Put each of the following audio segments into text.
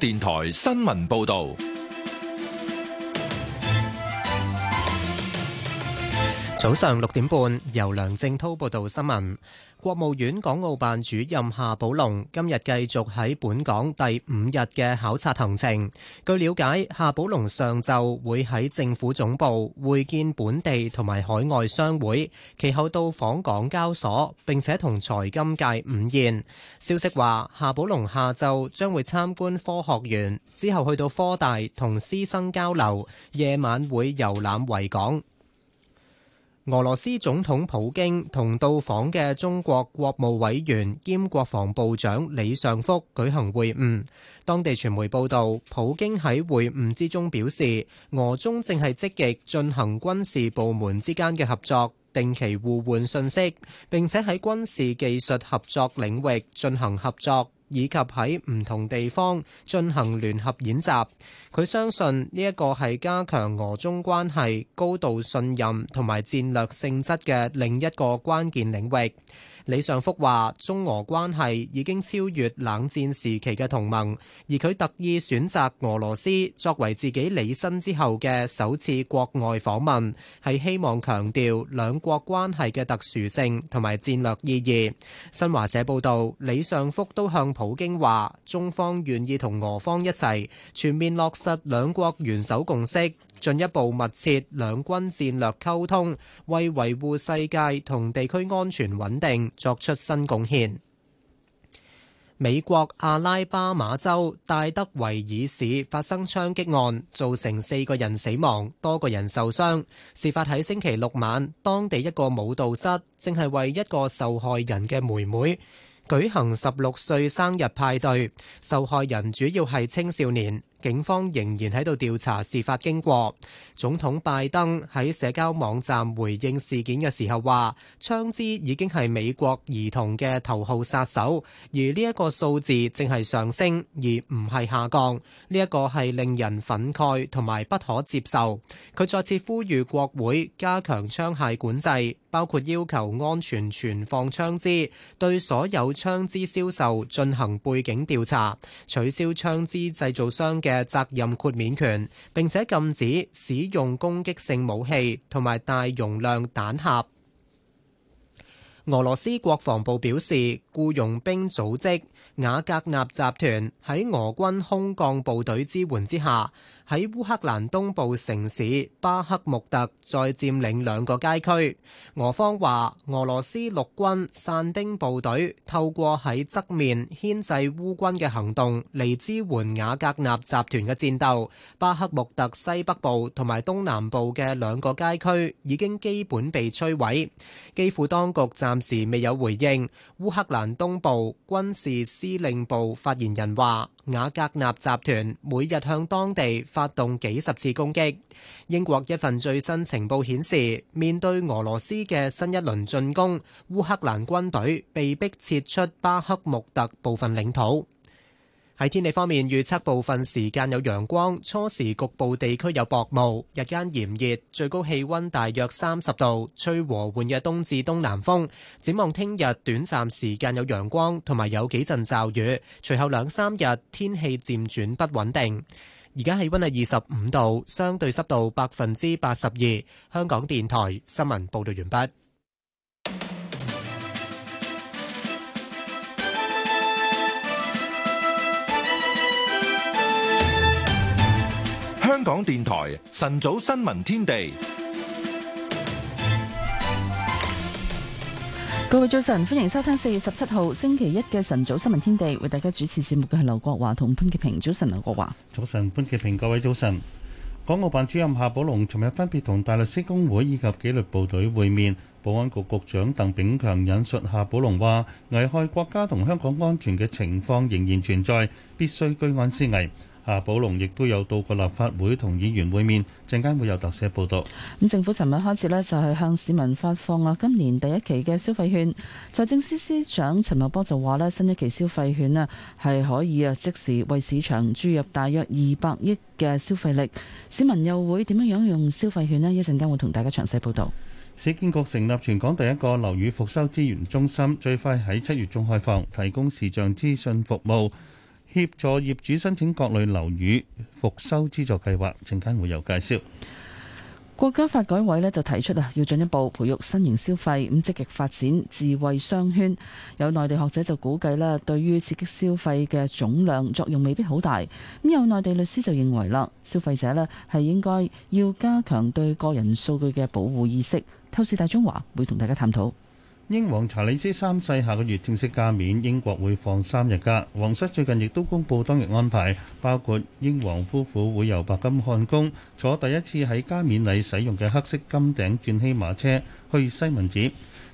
電台新聞報道。早上六點半，由梁正濤報道新聞。國務院港澳辦主任夏寶龍今日繼續喺本港第五日嘅考察行程。據了解，夏寶龍上晝會喺政府總部會見本地同埋海外商會，其後到訪港交所，並且同財金界午宴。消息話，夏寶龍下晝將會參觀科學園，之後去到科大同師生交流，夜晚會遊覽維港。俄羅斯總統普京同到訪嘅中國國務委員兼國防部長李尚福舉行會晤。當地傳媒報道，普京喺會晤之中表示，俄中正係積極進行軍事部門之間嘅合作，定期互換信息，並且喺軍事技術合作領域進行合作，以及喺唔同地方進行聯合演習，佢相信呢一個係加強俄中關係、高度信任同埋戰略性質嘅另一個關鍵領域。李尚福話，中俄關係已經超越冷戰時期嘅同盟，而佢特意選擇俄羅斯作為自己理身之後嘅首次國外訪問，係希望強調兩國關係嘅特殊性同埋戰略意義。新華社報道，李尚福都向普京話，中方願意同俄方一齊，全面落實兩國元首共識，進一步密切兩軍戰略溝通，為維護世界同地區安全穩定作出新貢獻。美國阿拉巴馬州戴德維爾市發生槍擊案，造成四個人死亡，多個人受傷。事發喺星期六晚，當地一個舞蹈室正係為一個受害人嘅妹妹舉行十六歲生日派對。受害人主要係青少年。警方仍然喺度調查事發經過。總統拜登喺社交網站回應事件嘅時候話，槍支已經係美國兒童嘅頭號殺手，而呢一個數字正係上升，而唔係下降。呢一個係令人憤慨同埋不可接受。佢再次呼籲國會加強槍械管制，包括要求安全存放槍支，對所有槍支銷售進行背景調查，取消槍支製造商嘅嘅責任豁免權，並且禁止使用攻擊性武器同埋大容量彈匣。俄羅斯國防部表示，僱傭兵組織瓦格納集團喺俄軍空降部隊支援之下，喺烏克蘭東部城市巴克穆特再佔領兩個街區。俄方話，俄羅斯陸軍傘兵部隊透過喺側面牽制烏軍嘅行動嚟支援瓦格納集團嘅戰鬥。巴克穆特西北部同埋東南部嘅兩個街區已經基本被摧毀，基輔當局暫時未有回應。烏克蘭東部軍事司令部發言人話，瓦格納集團每日向當地發動幾十次攻擊。英國一份最新情報顯示，面對俄羅斯嘅新一輪進攻，烏克蘭軍隊被迫撤出巴克穆特部分領土。喺天氣方面，預測部分時間有陽光，初時局部地區有薄霧，日間炎熱，最高氣溫大約三十度，吹和緩嘅東至東南風。展望聽日，短暫時間有陽光，同埋有幾陣驟雨，隨後兩三日天氣漸轉不穩定。而家氣溫係二十五度，相對濕度百分之八十二。香港電台新聞報道完畢。香港電台晨早新聞天地，各位早晨，歡迎收聽四月十七號星期一嘅晨早新聞天地，為大家主持節目嘅係劉國華同潘潔平。早晨，劉國華，早晨，潘潔平，各位早晨。港澳辦主任夏寶龍尋日分別同大律師公會以及紀律部隊會面，保安局局長鄧炳強引述夏寶龍話，危害國家同香港安全嘅情況仍然存在，必須居安思危。夏寶龍亦都有到過立法會同議員會面，陣間會有特寫報道。咁政府尋日開始呢，就係向市民發放啊，今年第一期嘅消費券。財政司司長陳茂波就話呢新一期消費券呢，係可以啊，即時為市場注入大約二百億嘅消費力。市民又會點樣樣用消費券呢？一陣間會同大家詳細報道。市建局成立全港第一個樓宇復修資源中心，最快喺七月中開放，提供視像資訊服務。協助業主申請各類樓宇復修資助計劃，陣間會有介紹。國家發改委呢就提出啊，要進一步培育新型消費，咁積極發展智慧商圈。有內地學者就估計呢，對於刺激消費嘅總量作用未必好大。咁有內地律師就認為啦，消費者呢係應該要加強對個人數據嘅保護意識。透視大中華會同大家探討。英皇查理斯三世下個月正式加冕，英國會放三日假。皇室最近亦都公布當日安排，包括英皇夫婦會由白金漢宮坐第一次喺加冕禮使用嘅黑色金頂鑽禧馬車去西敏寺。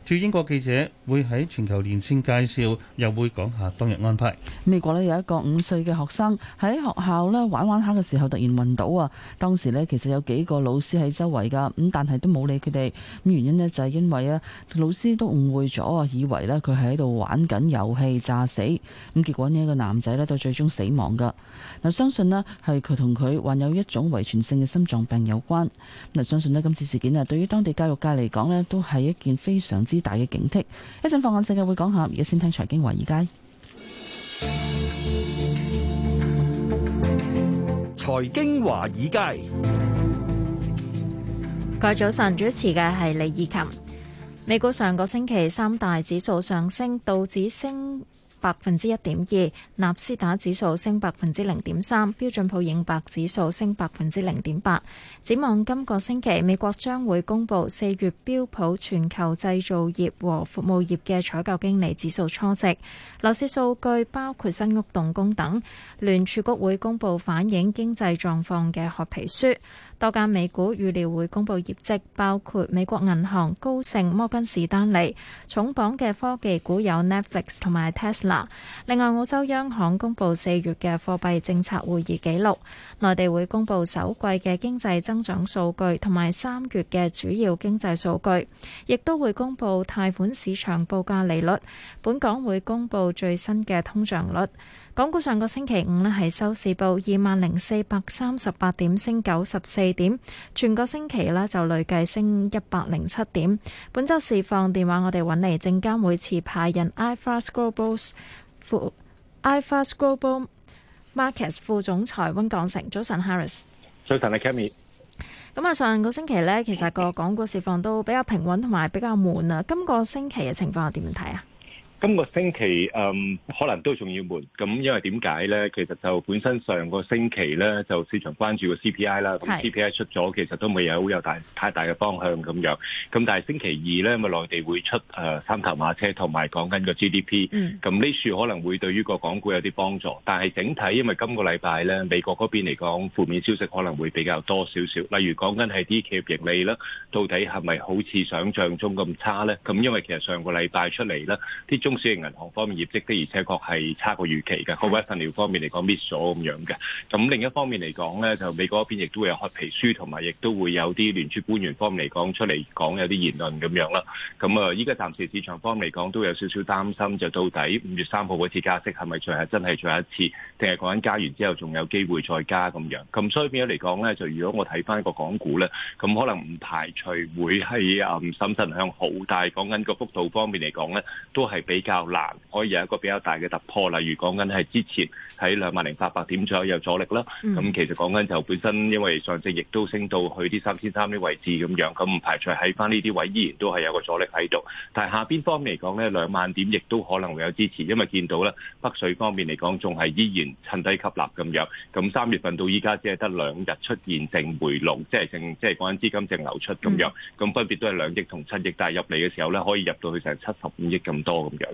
駐英國記者會喺全球連線介紹，又會講下當日安排。美國咧有一個五歲嘅學生喺學校咧玩玩下嘅時候突然暈倒啊！當時咧其實有幾個老師喺周圍噶，咁但係都冇理佢哋。咁原因咧就係因為啊，老師都誤會咗啊，以為咧佢喺度玩緊遊戲詐死。咁結果呢一個男仔咧都最終死亡噶。嗱，相信咧係佢同佢患有一種遺傳性嘅心臟病有關。嗱，相信咧今次事件啊，對於當地教育界嚟講咧都係一件非常之大嘅警惕，一陣放眼世界會講下，而家先聽財經華爾街。財經華爾街，各位早晨，主持嘅係李義琴。美股上個星期三大指數上升，道指升。百分之一點二，納斯達克指數升百分之零點三，標準普爾五百指數升百分之零點八。展望今個星期，美國將會公布四月標普全球製造業和服務業嘅採購經理指數初值，樓市數據包括新屋動工等，聯儲局會公布反映經濟狀況嘅褐皮書。多間美股預料會公布業績，包括美國銀行、高盛、摩根士丹利。重磅嘅科技股有 Netflix 同埋 Tesla。另外，澳洲央行公布四月嘅貨幣政策會議記錄。內地會公布首季嘅經濟增長數據同埋三月嘅主要經濟數據，亦都會公布貸款市場報價利率。本港會公布最新嘅通脹率。港股上個星期五呢，係收市報二萬零四百三十八點，升九十四點，全個星期呢就累計升一百零七點。本週市況電話我哋揾嚟證監會持派人 I Fair Scroll Boss 副 I Fair Scroll Boss Markets 副總裁温港成，早晨 Harris，早晨啊 Cammy。咁啊，上個星期呢，其實個港股市況都比較平穩同埋比較悶啊。今個星期嘅情況我點睇啊？今個星期誒可能都仲要悶，咁因為點解咧？其實就本身上個星期咧，就市場關注個 CPI 啦，咁 CPI 出咗，其實都未有好有大太大嘅方向咁樣。咁但係星期二咧，咪內地會出誒三頭馬車，同埋講緊個 GDP，咁呢處可能會對於個港股有啲幫助。但係整體，因為今個禮拜咧，美國嗰邊嚟講，負面消息可能會比較多少少。例如講緊係啲企業盈利啦，到底係咪好似想像中咁差咧？咁因為其實上個禮拜出嚟啦，啲中小型銀行方面業績的，而且確係差過預期嘅，嗰班鈔票方面嚟講 miss 咗咁樣嘅。咁另一方面嚟講咧，就美國嗰邊亦都會有開皮書，同埋亦都會有啲聯儲官員方面嚟講出嚟講有啲言論咁樣啦。咁啊，依家暫時市場方面嚟講都有少少擔心，就到底五月三號嗰次加息係咪最後真係最後一次，定係講緊加完之後仲有機會再加咁樣？咁所以變咗嚟講咧，就如果我睇翻個港股咧，咁可能唔排除會係啊審慎向好，但係講緊個幅度方面嚟講咧，都係被。比較難可以有一個比較大嘅突破，例如講緊係之前喺兩萬零八百點左右有阻力啦。咁、嗯、其實講緊就本身因為上證亦都升到去啲三千三啲位置咁樣，咁唔排除喺翻呢啲位依然都係有個阻力喺度。但係下邊方面嚟講呢，兩萬點亦都可能會有支持，因為見到咧北水方面嚟講仲係依然趁低吸納咁樣。咁三月份到依家只係得兩日出現淨回籠，即係剩即係講緊資金淨流出咁樣。咁、嗯、分別都係兩億同七億，但係入嚟嘅時候咧可以入到去成七十五億咁多咁樣。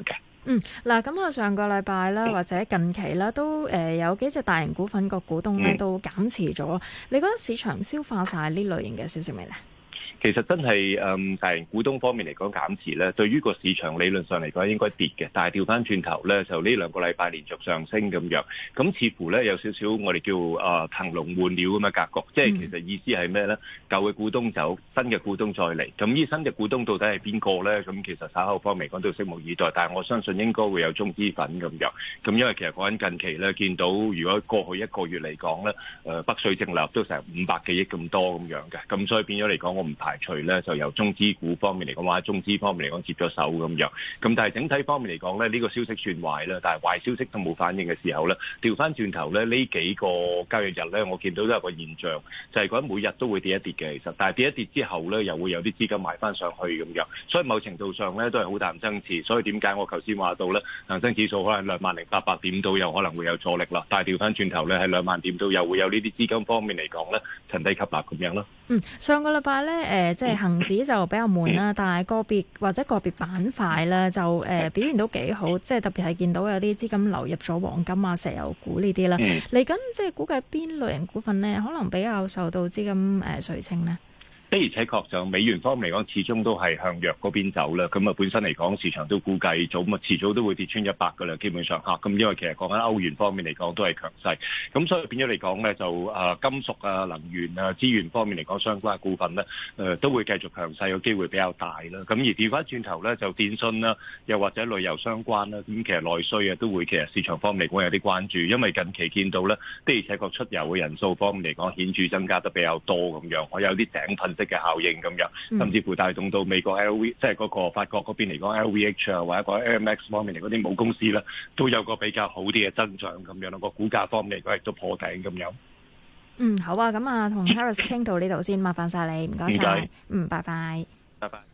嗯，嗱，咁啊，上個禮拜啦，或者近期啦，都誒有幾隻大型股份個股東咧都減持咗。你覺得市場消化晒呢類型嘅消息未咧？其實真係誒，大型股東方面嚟講減持咧，對於個市場理論上嚟講應該跌嘅，但係調返轉頭咧就呢兩個禮拜連續上升咁樣，咁似乎咧有少少我哋叫誒騰籠換鳥咁嘅格局，即係其實意思係咩咧？舊嘅股東走，新嘅股東再嚟，咁呢新嘅股東到底係邊個咧？咁其實稍後方面講都拭目以待，但係我相信應該會有中資粉咁樣，咁因為其實講緊近期咧，見到如果過去一個月嚟講咧，誒北水淨流入都成五百幾億咁多咁樣嘅，咁所以變咗嚟講我唔排除咧，就由中資股方面嚟講，或者中資方面嚟講接咗手咁樣。咁但係整體方面嚟講咧，呢個消息算壞啦。但係壞消息都冇反應嘅時候咧，調翻轉頭咧，呢幾個交易日咧，我見到都有個現象，就係講每日都會跌一跌嘅。其實，但係跌一跌之後咧，又會有啲資金買翻上去咁樣。所以某程度上咧，都係好大唔增持。所以點解我頭先話到咧，恒生指數可能兩萬零八百點到有可能會有阻力啦。但係調翻轉頭咧，喺兩萬點到又會有呢啲資金方面嚟講咧，沉底吸納咁樣咯。嗯，上個禮拜咧，誒。誒，即係恒指就比較悶啦，但係個別或者個別板塊咧，就誒表現都幾好，即係特別係見到有啲資金流入咗黃金啊、石油股呢啲啦。嚟緊即係估計邊類型股份咧，可能比較受到資金誒垂青咧？的而且確就美元方面嚟講，始終都係向弱嗰邊走啦。咁啊，本身嚟講市場都估計早咁啊，遲早都會跌穿一百噶啦。基本上嚇，咁因為其實講緊歐元方面嚟講都係強勢，咁所以變咗嚟講咧就啊金屬啊能源啊資源方面嚟講相關嘅股份咧，誒都會繼續強勢嘅機會比較大啦。咁而調翻轉頭咧就電信啦，又或者旅遊相關啦，咁其實內需啊都會其實市場方面嚟講有啲關注，因為近期見到咧的而且確出遊嘅人數方面嚟講顯著增加得比較多咁樣，我有啲井噴嘅效應咁樣，嗯、甚至乎帶動到美國 L V，即係嗰個法國嗰邊嚟講 L V H 啊，或者個 Air Max 方面嚟嗰啲母公司咧，都有個比較好啲嘅增長咁樣咯。個股價方面嚟講亦都破頂咁樣。嗯，好啊，咁啊，同 Harris 傾 到呢度先，麻煩晒你，唔該晒。嗯謝，拜拜，拜拜。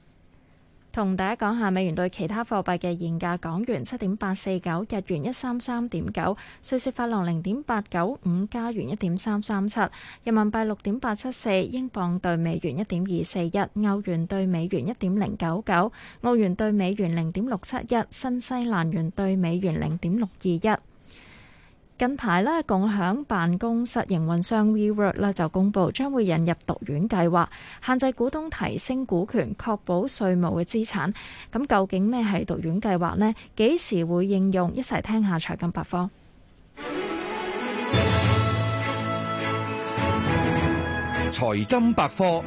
同大家講下美元對其他貨幣嘅現價：港元七點八四九，日元一三三點九，瑞士法郎零點八九五，加元一點三三七，人民幣六點八七四，英鎊對美元一點二四一，歐元對美元一點零九九，澳元對美元零點六七一，新西蘭元對美元零點六二一。近排咧，共享辦公室營運商 WeWork 咧就公佈將會引入毒丸計劃，限制股東提升股權，確保稅務嘅資產。咁究竟咩係毒丸計劃呢？幾時會應用？一齊聽一下財金百科。財金百科。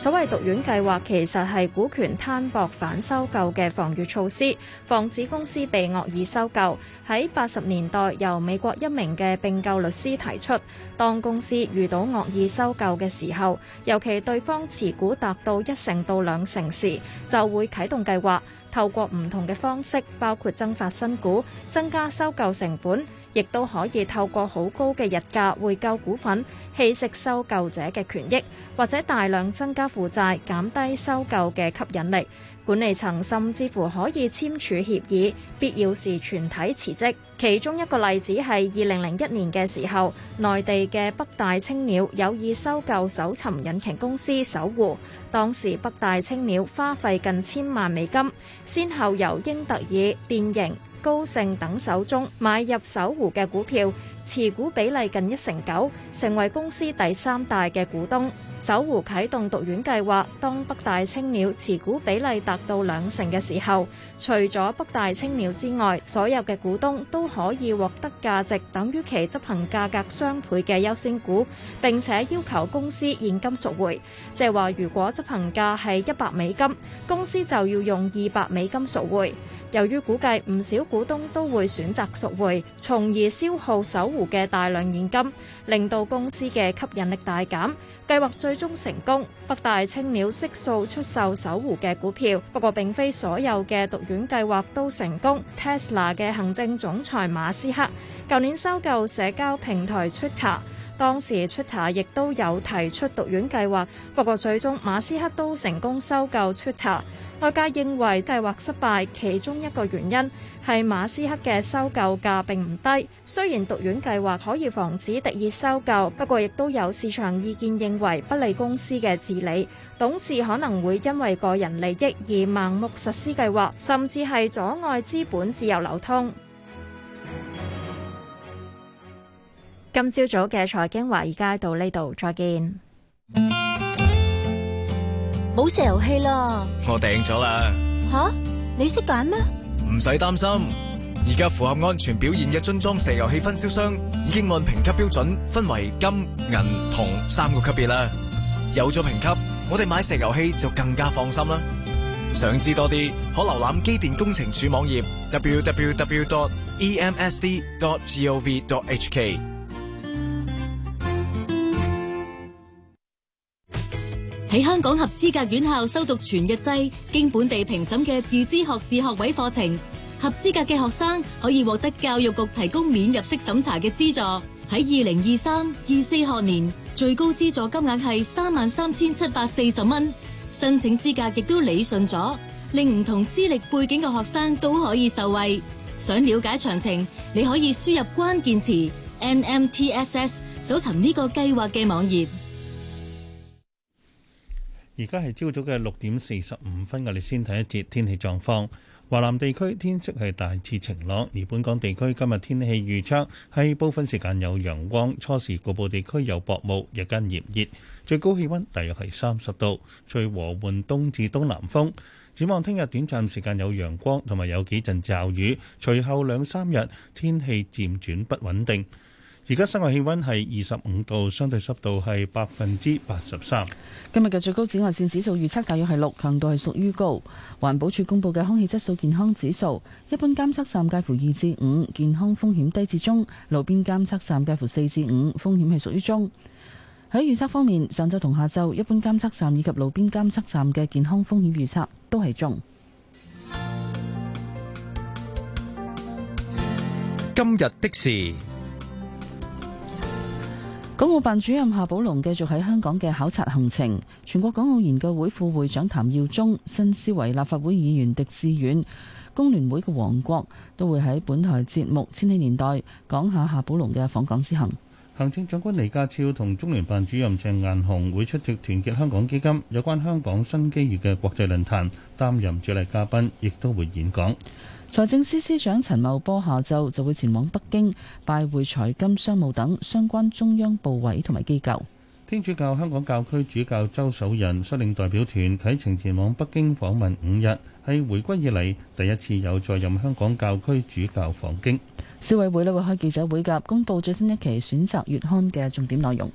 所謂毒丸計劃其實係股權攤薄反收購嘅防禦措施，防止公司被惡意收購。喺八十年代，由美國一名嘅並購律師提出，當公司遇到惡意收購嘅時候，尤其對方持股達到一成到兩成時，就會啟動計劃，透過唔同嘅方式，包括增發新股，增加收購成本。亦都可以透過好高嘅日價回購股份，稀釋收購者嘅權益，或者大量增加負債，減低收購嘅吸引力。管理層甚至乎可以簽署協議，必要時全體辭職。其中一個例子係二零零一年嘅時候，內地嘅北大青鳥有意收購搜尋引擎公司搜狐。當時北大青鳥花費近千萬美金，先後由英特爾、電盈、高盛等手中買入搜狐嘅股票持股比例近一成九，成為公司第三大嘅股東。搜狐啟動獨院計劃，當北大青鳥持股比例達到兩成嘅時候，除咗北大青鳥之外，所有嘅股東都可以獲得價值等於其執行價格雙倍嘅優先股，並且要求公司現金贖回。即係話，如果執行價係一百美金，公司就要用二百美金贖回。由於估計唔少股東都會選擇贖回，從而消耗守護嘅大量現金，令到公司嘅吸引力大減。計劃最終成功，北大青鳥悉數出售守護嘅股票。不過並非所有嘅獨院計劃都成功。Tesla 嘅行政總裁馬斯克舊年收購社交平台 Twitter。當時 Twitter 亦都有提出毒丸計劃，不過最終馬斯克都成功收購 Twitter。外界認為計劃失敗，其中一個原因係馬斯克嘅收購價並唔低。雖然毒丸計劃可以防止敵意收購，不過亦都有市場意見認為不利公司嘅治理，董事可能會因為個人利益而盲目實施計劃，甚至係阻礙資本自由流通。今朝早嘅財經華爾街到呢度再見。冇石油氣啦，我訂咗啦。吓，你識揀咩？唔使擔心，而家符合安全表現嘅樽裝石油氣分銷商已經按評級標準分為金銀銅三個級別啦。有咗評級，我哋買石油氣就更加放心啦。想知多啲，可瀏覽機電工程署網頁 w w w dot e m s d dot g o v dot h k。喺香港合資格院校修讀全日制經本地評審嘅自資學士學位課程，合資格嘅學生可以獲得教育局提供免入息審查嘅資助。喺二零二三二四學年，最高資助金額係三萬三千七百四十蚊。申請資格亦都理順咗，令唔同資歷背景嘅學生都可以受惠。想了解詳情，你可以輸入關鍵詞 NMTSS，搜尋呢個計劃嘅網頁。而家係朝早嘅六點四十五分，我哋先睇一節天氣狀況。華南地區天色係大致晴朗，而本港地區今日天氣預測係部分時間有陽光，初時局部地區有薄霧，日間炎熱，最高氣溫大約係三十度，吹和緩東至東南風。展望聽日短暫時間有陽光，同埋有幾陣驟雨，隨後兩三日天氣漸轉不穩定。而家室外氣溫係二十五度，相對濕度係百分之八十三。今日嘅最高紫外線指數預測大約係六，強度係屬於高。環保署公布嘅空氣質素健康指數，一般監測站介乎二至五，健康風險低至中；路邊監測站介乎四至五，風險係屬於中。喺預測方面，上晝同下晝一般監測站以及路邊監測站嘅健康風險預測都係中。今日的事。港澳辦主任夏寶龍繼續喺香港嘅考察行程，全國港澳研究會副會長譚耀宗、新思維立法會議員狄志遠、工聯會嘅黃國都會喺本台節目《千禧年代》講下夏寶龍嘅訪港之行。行政長官李家超同中聯辦主任鄭雁雄會出席「團結香港基金」有關香港新機遇嘅國際論壇，擔任主禮嘉賓，亦都會演講。財政司司長陳茂波下晝就會前往北京拜會財金、商務等相關中央部委同埋機構。天主教香港教區主教周守仁率領代表團啟程前往北京訪問五日，係回歸以嚟第一次有在任香港教區主教訪京。消委會呢會開記者會及公布最新一期選擇月刊嘅重點內容。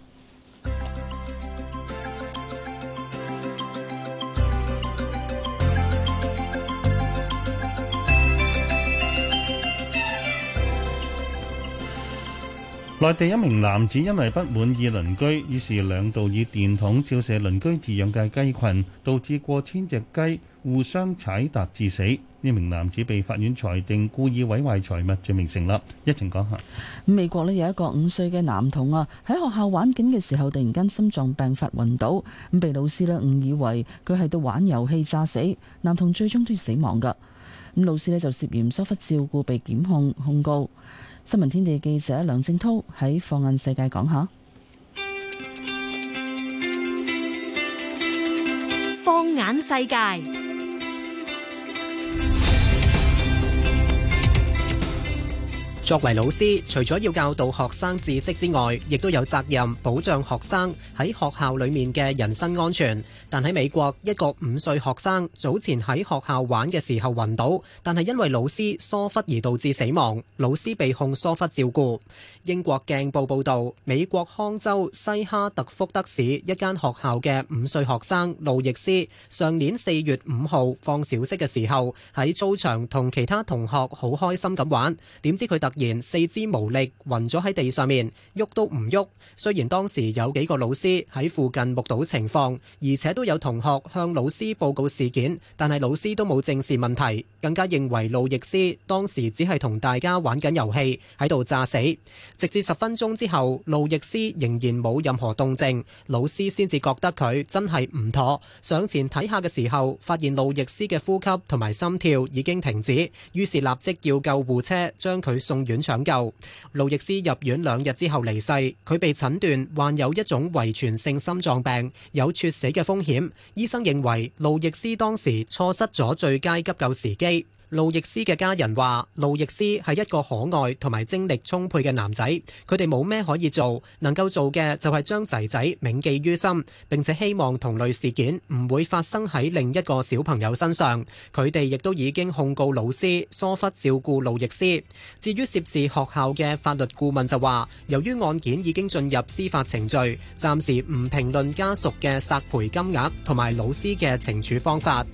內地一名男子因為不滿意鄰居，於是兩度以電筒照射鄰居飼養嘅雞群，導致過千隻雞。互相踩踏致死，呢名男子被法院裁定故意毀壞財物罪名成立。一陣講下，美國咧有一個五歲嘅男童啊，喺學校玩緊嘅時候，突然間心臟病發暈倒，咁被老師咧誤以為佢係度玩遊戲詐死，男童最終都死亡噶。咁老師咧就涉嫌疏忽照顧被檢控控告。新聞天地記者梁正濤喺放眼世界講下，放眼世界。作為老師，除咗要教導學生知識之外，亦都有責任保障學生喺學校裏面嘅人身安全。但喺美國，一個五歲學生早前喺學校玩嘅時候暈倒，但係因為老師疏忽而導致死亡，老師被控疏忽照顧。英國鏡報報道，美國康州西哈特福德市一間學校嘅五歲學生路易斯，上年四月五號放小息嘅時候，喺操場同其他同學好開心咁玩，點知佢突然四肢無力，暈咗喺地上面，喐都唔喐。雖然當時有幾個老師喺附近目睹情況，而且都有同學向老師報告事件，但係老師都冇正視問題，更加認為路易斯當時只係同大家玩緊遊戲，喺度詐死。直至十分鐘之後，路易斯仍然冇任何動靜，老師先至覺得佢真係唔妥。上前睇下嘅時候，發現路易斯嘅呼吸同埋心跳已經停止，於是立即叫救護車將佢送。院搶救，路易斯入院兩日之後離世。佢被診斷患有一種遺傳性心臟病，有猝死嘅風險。醫生認為路易斯當時錯失咗最佳急救時機。路易斯嘅家人話，路易斯係一個可愛同埋精力充沛嘅男仔，佢哋冇咩可以做，能夠做嘅就係將仔仔銘記於心，並且希望同類事件唔會發生喺另一個小朋友身上。佢哋亦都已經控告老師疏忽照顧路易斯。至於涉事學校嘅法律顧問就話，由於案件已經進入司法程序，暫時唔評論家屬嘅索賠金額同埋老師嘅懲處方法。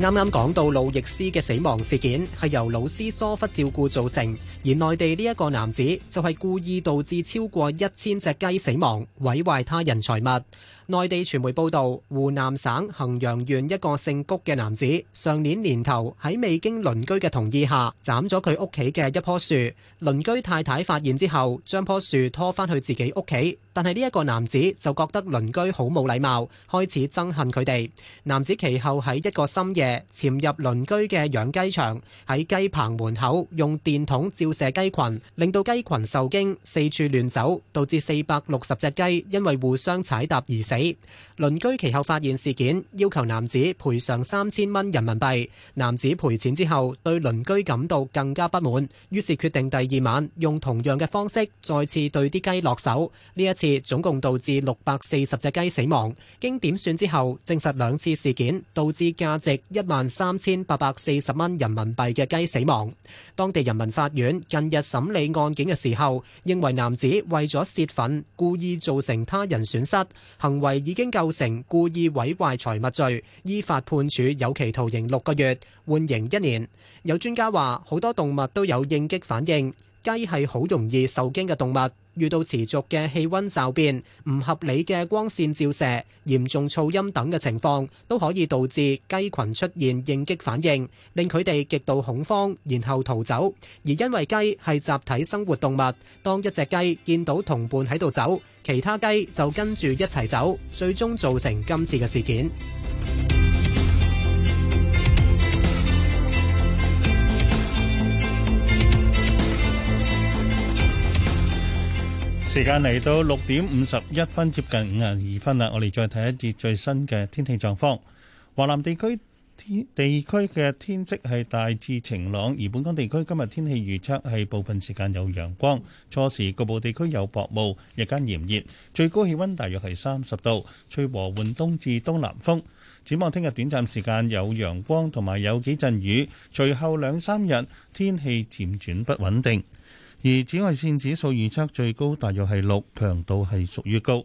啱啱講到路易斯嘅死亡事件係由老師疏忽照顧造成，而內地呢一個男子就係故意導致超過一千隻雞死亡，毀壞他人財物。內地傳媒報道，湖南省衡陽縣一個姓谷嘅男子上年年頭喺未經鄰居嘅同意下斬咗佢屋企嘅一棵樹。鄰居太太發現之後，將棵樹拖返去自己屋企，但係呢一個男子就覺得鄰居好冇禮貌，開始憎恨佢哋。男子其後喺一個深夜潛入鄰居嘅養雞場，喺雞棚門口用電筒照射雞群，令到雞群受驚，四處亂走，導致四百六十隻雞因為互相踩踏而死。鄰居其後發現事件，要求男子賠償三千蚊人民幣。男子賠錢之後，對鄰居感到更加不滿，於是決定第二晚用同樣嘅方式再次對啲雞落手。呢一次總共導致六百四十隻雞死亡。經點算之後，證實兩次事件導致價值一萬三千八百四十蚊人民幣嘅雞死亡。當地人民法院近日審理案件嘅時候，認為男子為咗泄憤故意造成他人損失，行為已經構成故意毀壞財物罪，依法判處有期徒刑六個月，緩刑一年。有專家話，好多動物都有應激反應，雞係好容易受驚嘅動物。遇到持續嘅氣温驟變、唔合理嘅光線照射、嚴重噪音等嘅情況，都可以導致雞羣出現應激反應，令佢哋極度恐慌，然後逃走。而因為雞係集體生活動物，當一隻雞見到同伴喺度走，其他雞就跟住一齊走，最終造成今次嘅事件。時間嚟到六點五十一分，接近五十二分啦。我哋再睇一節最新嘅天氣狀況。華南地區天地區嘅天色係大致晴朗，而本港地區今日天氣預測係部分時間有陽光，初時局部地區有薄霧，日間炎熱，最高氣溫大約係三十度，吹和緩東至東南風。展望聽日短暫時間有陽光同埋有幾陣雨，隨後兩三日天氣漸轉不穩定。而紫外線指數預測最高大約係六，強度係屬於高。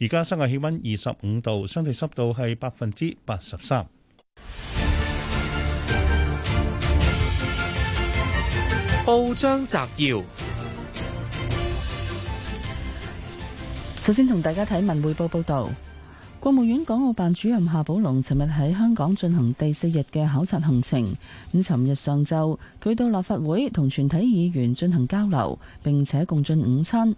而家室外氣溫二十五度，相對濕度係百分之八十三。報章摘要，首先同大家睇文匯報報道。國務院港澳辦主任夏寶龍尋日喺香港進行第四日嘅考察行程。咁，尋日上晝佢到立法會同全體議員進行交流，並且共進午餐。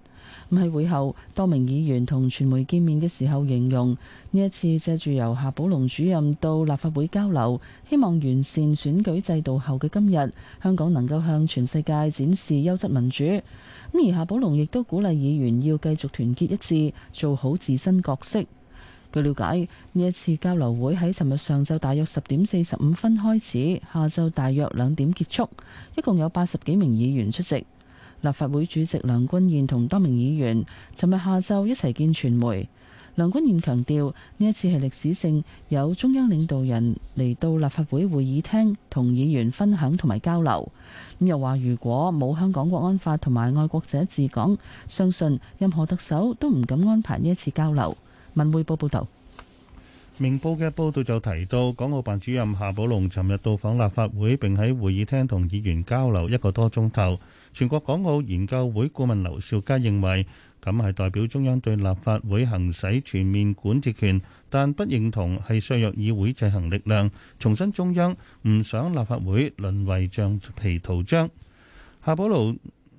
咁喺會後，多名議員同傳媒見面嘅時候形容呢一次借住由夏寶龍主任到立法會交流，希望完善選舉制度後嘅今日，香港能夠向全世界展示優質民主。而夏寶龍亦都鼓勵議員要繼續團結一致，做好自身角色。據了解，呢一次交流會喺尋日上晝大約十點四十五分開始，下晝大約兩點結束，一共有八十幾名議員出席。立法會主席梁君彥同多名議員尋日下晝一齊見傳媒。梁君彥強調，呢一次係歷史性，有中央領導人嚟到立法會會議廳同議員分享同埋交流。咁又話，如果冇香港國安法同埋愛國者治港，相信任何特首都唔敢安排呢一次交流。文匯報報道，明報嘅報道就提到，港澳辦主任夏寶龍尋日到訪立法會，並喺會議廳同議員交流一個多鐘頭。全國港澳研究會顧問劉兆佳認為，咁係代表中央對立法會行使全面管治權，但不認同係削弱議會制衡力量，重申中央唔想立法會淪為橡皮圖章。夏寶龍。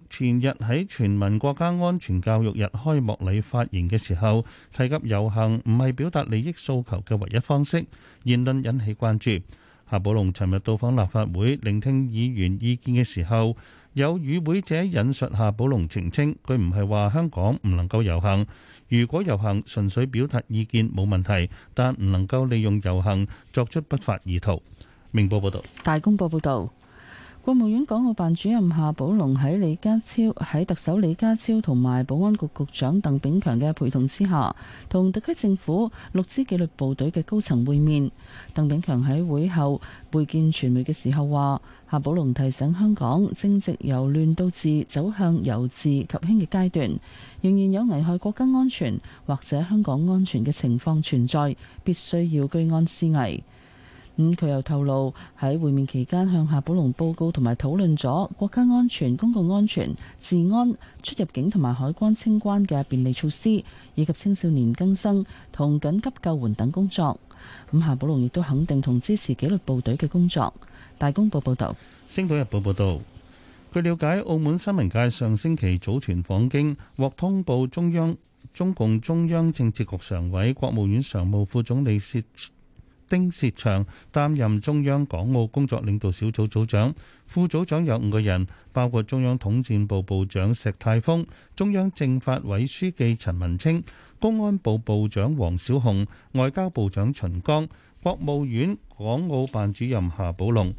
前日喺全民國家安全教育日開幕禮發言嘅時候，提及遊行唔係表達利益訴求嘅唯一方式，言論引起關注。夏寶龍尋日到訪立法會，聆聽議員意見嘅時候，有與會者引述夏寶龍澄清，佢唔係話香港唔能夠遊行，如果遊行純粹表達意見冇問題，但唔能夠利用遊行作出不法意圖。明報報道。大公報報道。國務院港澳辦主任夏寶龍喺李家超喺特首李家超同埋保安局局長鄧炳強嘅陪同之下，同特區政府六支紀律部隊嘅高層會面。鄧炳強喺會後會見傳媒嘅時候話：夏寶龍提醒香港正值由亂到治走向由治及興嘅階段，仍然有危害國家安全或者香港安全嘅情況存在，必須要居安思危。咁佢，嗯、又透露喺會面期間向夏寶龍報告同埋討論咗國家安全、公共安全、治安、出入境同埋海關清關嘅便利措施，以及青少年更生同緊急救援等工作。咁，嗯、夏寶龍亦都肯定同支持紀律部隊嘅工作。大公報報道，星島日報報道，據了解，澳門新聞界上星期組團訪京，獲通報中央中共中央政治局常委、國務院常務副總理薛。丁薛祥擔任中央港澳工作領導小組組長，副組長有五個人，包括中央統戰部部長石泰峰、中央政法委書記陳文清、公安部部長王小洪、外交部長秦剛、國務院港澳辦主任夏寶龍。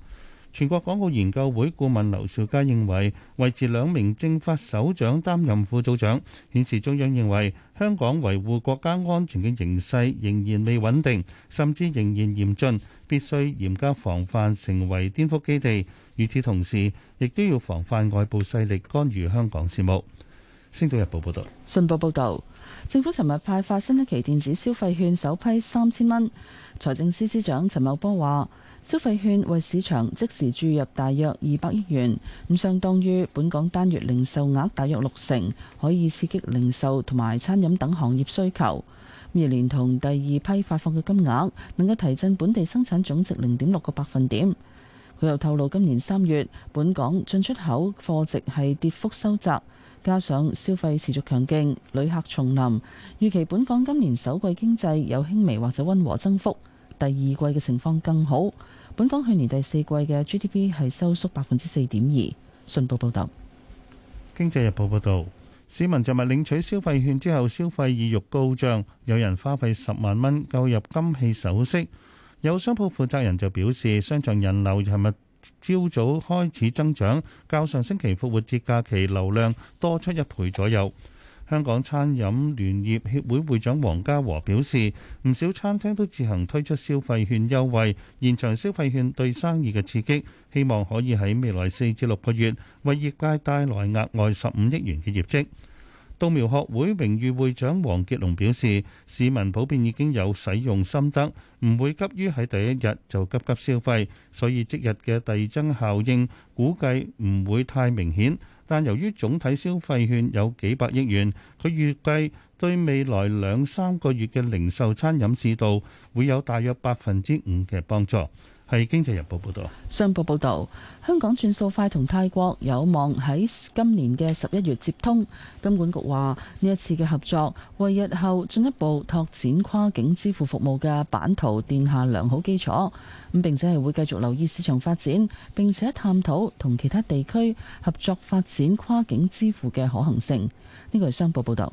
全國港澳研究會顧問劉兆佳認為，維持兩名政法首長擔任副組長，顯示中央認為香港維護國家安全嘅形勢仍然未穩定，甚至仍然嚴峻，必須嚴格防範成為顛覆基地。與此同時，亦都要防範外部勢力干預香港事務。星島日報報道：「信報報道，政府尋日派發新一期電子消費券，首批三千蚊。財政司司長陳茂波話，消費券為市場即時注入大約二百億元，咁相當於本港單月零售額大約六成，可以刺激零售同埋餐飲等行業需求。而連同第二批發放嘅金額，能夠提振本地生產總值零點六個百分點。佢又透露，今年三月本港進出口貨值係跌幅收窄，加上消費持續強勁，旅客重臨，預期本港今年首季經濟有輕微或者溫和增幅。第二季嘅情況更好。本港去年第四季嘅 GDP 係收縮百分之四點二。信報報道，《經濟日報》報導，市民就咪領取消費券之後，消費意欲高漲，有人花費十萬蚊購入金器首飾。有商鋪負責人就表示，商場人流尋日朝早開始增長，較上星期復活節假期流量多出一倍左右。香港餐飲聯業協會會長黃家和表示，唔少餐廳都自行推出消費券優惠，延長消費券對生意嘅刺激，希望可以喺未來四至六個月為業界帶來額外十五億元嘅業績。稻苗學會名譽會長黃傑龍表示，市民普遍已經有使用心得，唔會急於喺第一日就急急消費，所以即日嘅遞增效應估計唔會太明顯。但由於總體消費券有幾百億元，佢預計對未來兩三個月嘅零售餐飲市道會有大約百分之五嘅幫助。係《經濟日報》報導，商報報道，香港轉數快同泰國有望喺今年嘅十一月接通。金管局話呢一次嘅合作，為日後進一步拓展跨境支付服務嘅版圖奠下良好基礎，咁並且係會繼續留意市場發展，並且探討同其他地區合作發展跨境支付嘅可行性。呢個係商報報道，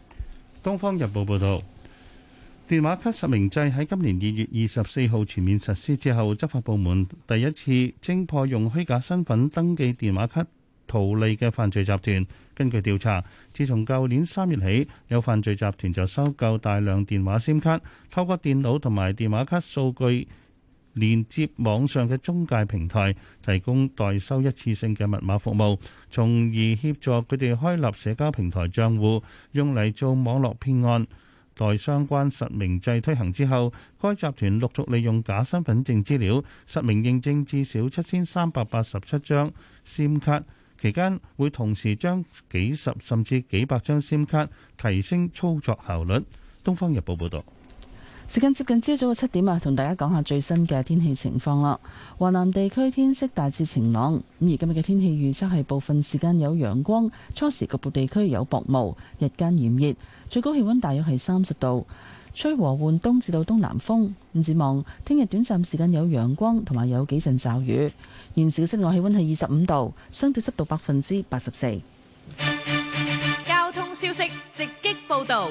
東方日報報道。電話卡實名制喺今年二月二十四號全面實施之後，執法部門第一次偵破用虛假身份登記電話卡圖利嘅犯罪集團。根據調查，自從舊年三月起，有犯罪集團就收購大量電話 SIM 卡，透過電腦同埋電話卡數據連接網上嘅中介平台，提供代收一次性嘅密碼服務，從而協助佢哋開立社交平台賬戶，用嚟做網絡騙案。待相關實名制推行之後，該集團陸續利用假身份證資料實名認證至少七千三百八十七張 SIM 卡，期間會同時將幾十甚至幾百張 SIM 卡提升操作效率。《東方日報》報道。時間接近朝早嘅七點啊，同大家講下最新嘅天氣情況啦。華南地區天色大致晴朗，咁而今日嘅天氣預測係部分時間有陽光，初時局部地區有薄霧，日間炎熱，最高氣溫大約係三十度，吹和緩東至到東南風。展望聽日短暫時間有陽光同埋有幾陣驟雨，現時室內氣溫係二十五度，相對濕度百分之八十四。交通消息直擊報道。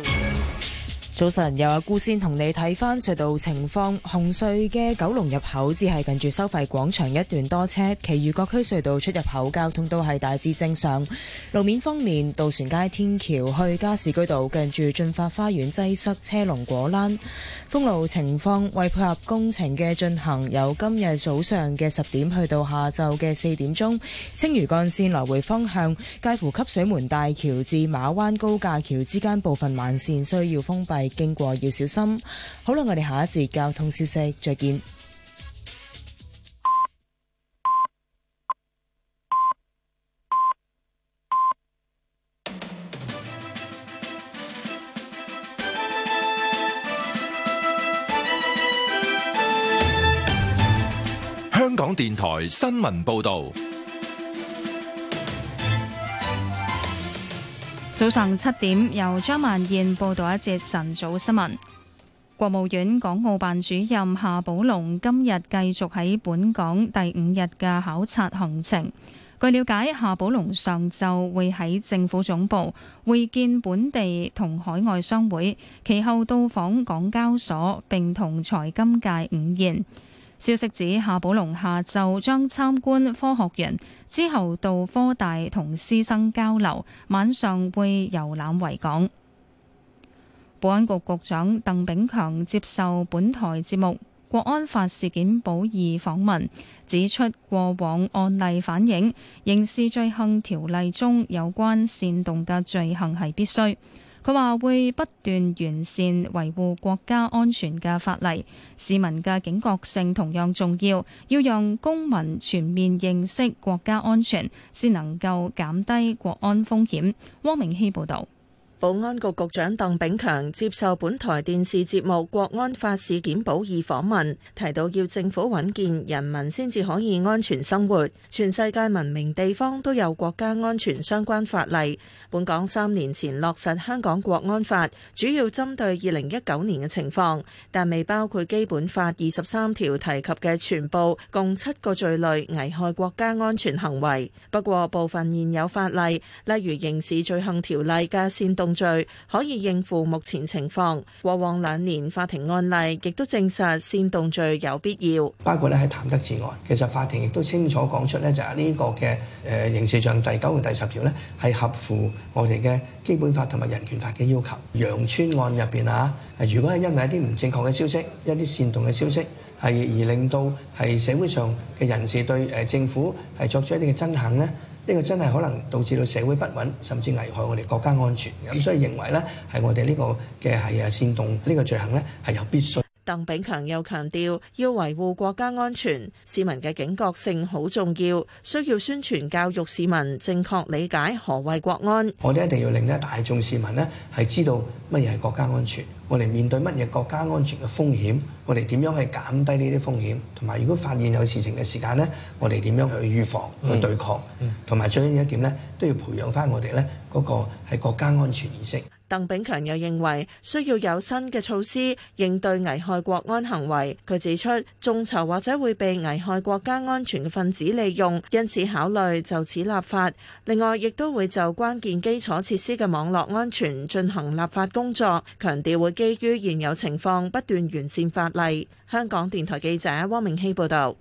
早晨，又阿顧先同你睇返隧道情況。紅隧嘅九龍入口只係近住收費廣場一段多車，其餘各區隧道出入口交通都係大致正常。路面方面，渡船街天橋去加士居道近住駿發花園擠塞車龍果欄。封路情況為配合工程嘅進行，由今日早上嘅十點去到下晝嘅四點鐘，青嶼幹線來回方向介乎汲水門大橋至馬灣高架橋之間部分慢線需要封閉。經過要小心。好啦，我哋下一節交通消息，再見。香港電台新聞報道。早上七點，由張萬燕報道一節晨早新聞。國務院港澳辦主任夏寶龍今日繼續喺本港第五日嘅考察行程。據了解，夏寶龍上晝會喺政府總部會見本地同海外商會，其後到訪港交所並同財金界午宴。消息指夏寶龍下晝將參觀科學園，之後到科大同師生交流。晚上會遊覽維港。保安局局長鄧炳強接受本台節目《國安法事件保二》訪問，指出過往案例反映，刑事罪行條例中有關煽動嘅罪行係必須。佢話會不斷完善維護國家安全嘅法例，市民嘅警覺性同樣重要，要讓公民全面認識國家安全，先能夠減低國安風險。汪明熙報導。保安局局長鄧炳強接受本台電視節目《國安法事件補議》訪問，提到要政府穩健，人民先至可以安全生活。全世界文明地方都有國家安全相關法例。本港三年前落實《香港國安法》，主要針對二零一九年嘅情況，但未包括《基本法》二十三條提及嘅全部共七個罪類危害國家安全行為。不過部分現有法例，例如刑事罪行條例嘅煽動。罪可以應付目前情況，過往兩年法庭案例亦都證實煽動罪有必要，包括咧係譚德治案。其實法庭亦都清楚講出咧，就係、是、呢個嘅誒、呃、刑事上第九同第十條咧係合乎我哋嘅基本法同埋人權法嘅要求。羊村案入邊啊，如果係因為一啲唔正確嘅消息，一啲煽動嘅消息係而令到係社會上嘅人士對誒政府係作出一啲嘅憎恨呢，呢個真係可能導致到社會不穩，甚至危害我哋國家安全。咁所以認為咧，係我哋呢個嘅係啊煽動呢個罪行咧，係有必須。鄧炳強又強調，要維護國家安全，市民嘅警覺性好重要，需要宣傳教育市民正確理解何謂國安。我哋一定要令咧大眾市民呢係知道乜嘢係國家安全，我哋面對乜嘢國家安全嘅風險，我哋點樣去減低呢啲風險，同埋如果發現有事情嘅時間呢，我哋點樣去預防、去對抗，同埋最重要一點呢都要培養翻我哋呢嗰個係國家安全意識。鄧炳強又認為需要有新嘅措施應對危害國安行為。佢指出，眾籌或者會被危害國家安全嘅分子利用，因此考慮就此立法。另外，亦都會就關鍵基礎設施嘅網絡安全進行立法工作，強調會基於現有情況不斷完善法例。香港電台記者汪明熙報道。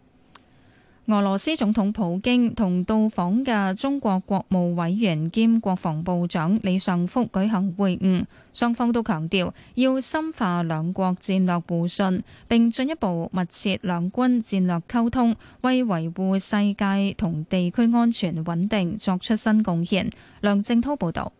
俄羅斯總統普京同到訪嘅中國國務委員兼國防部長李尚福舉行會晤，雙方都強調要深化兩國戰略互信，並進一步密切兩軍戰略溝通，為維護世界同地區安全穩定作出新貢獻。梁正濤報道。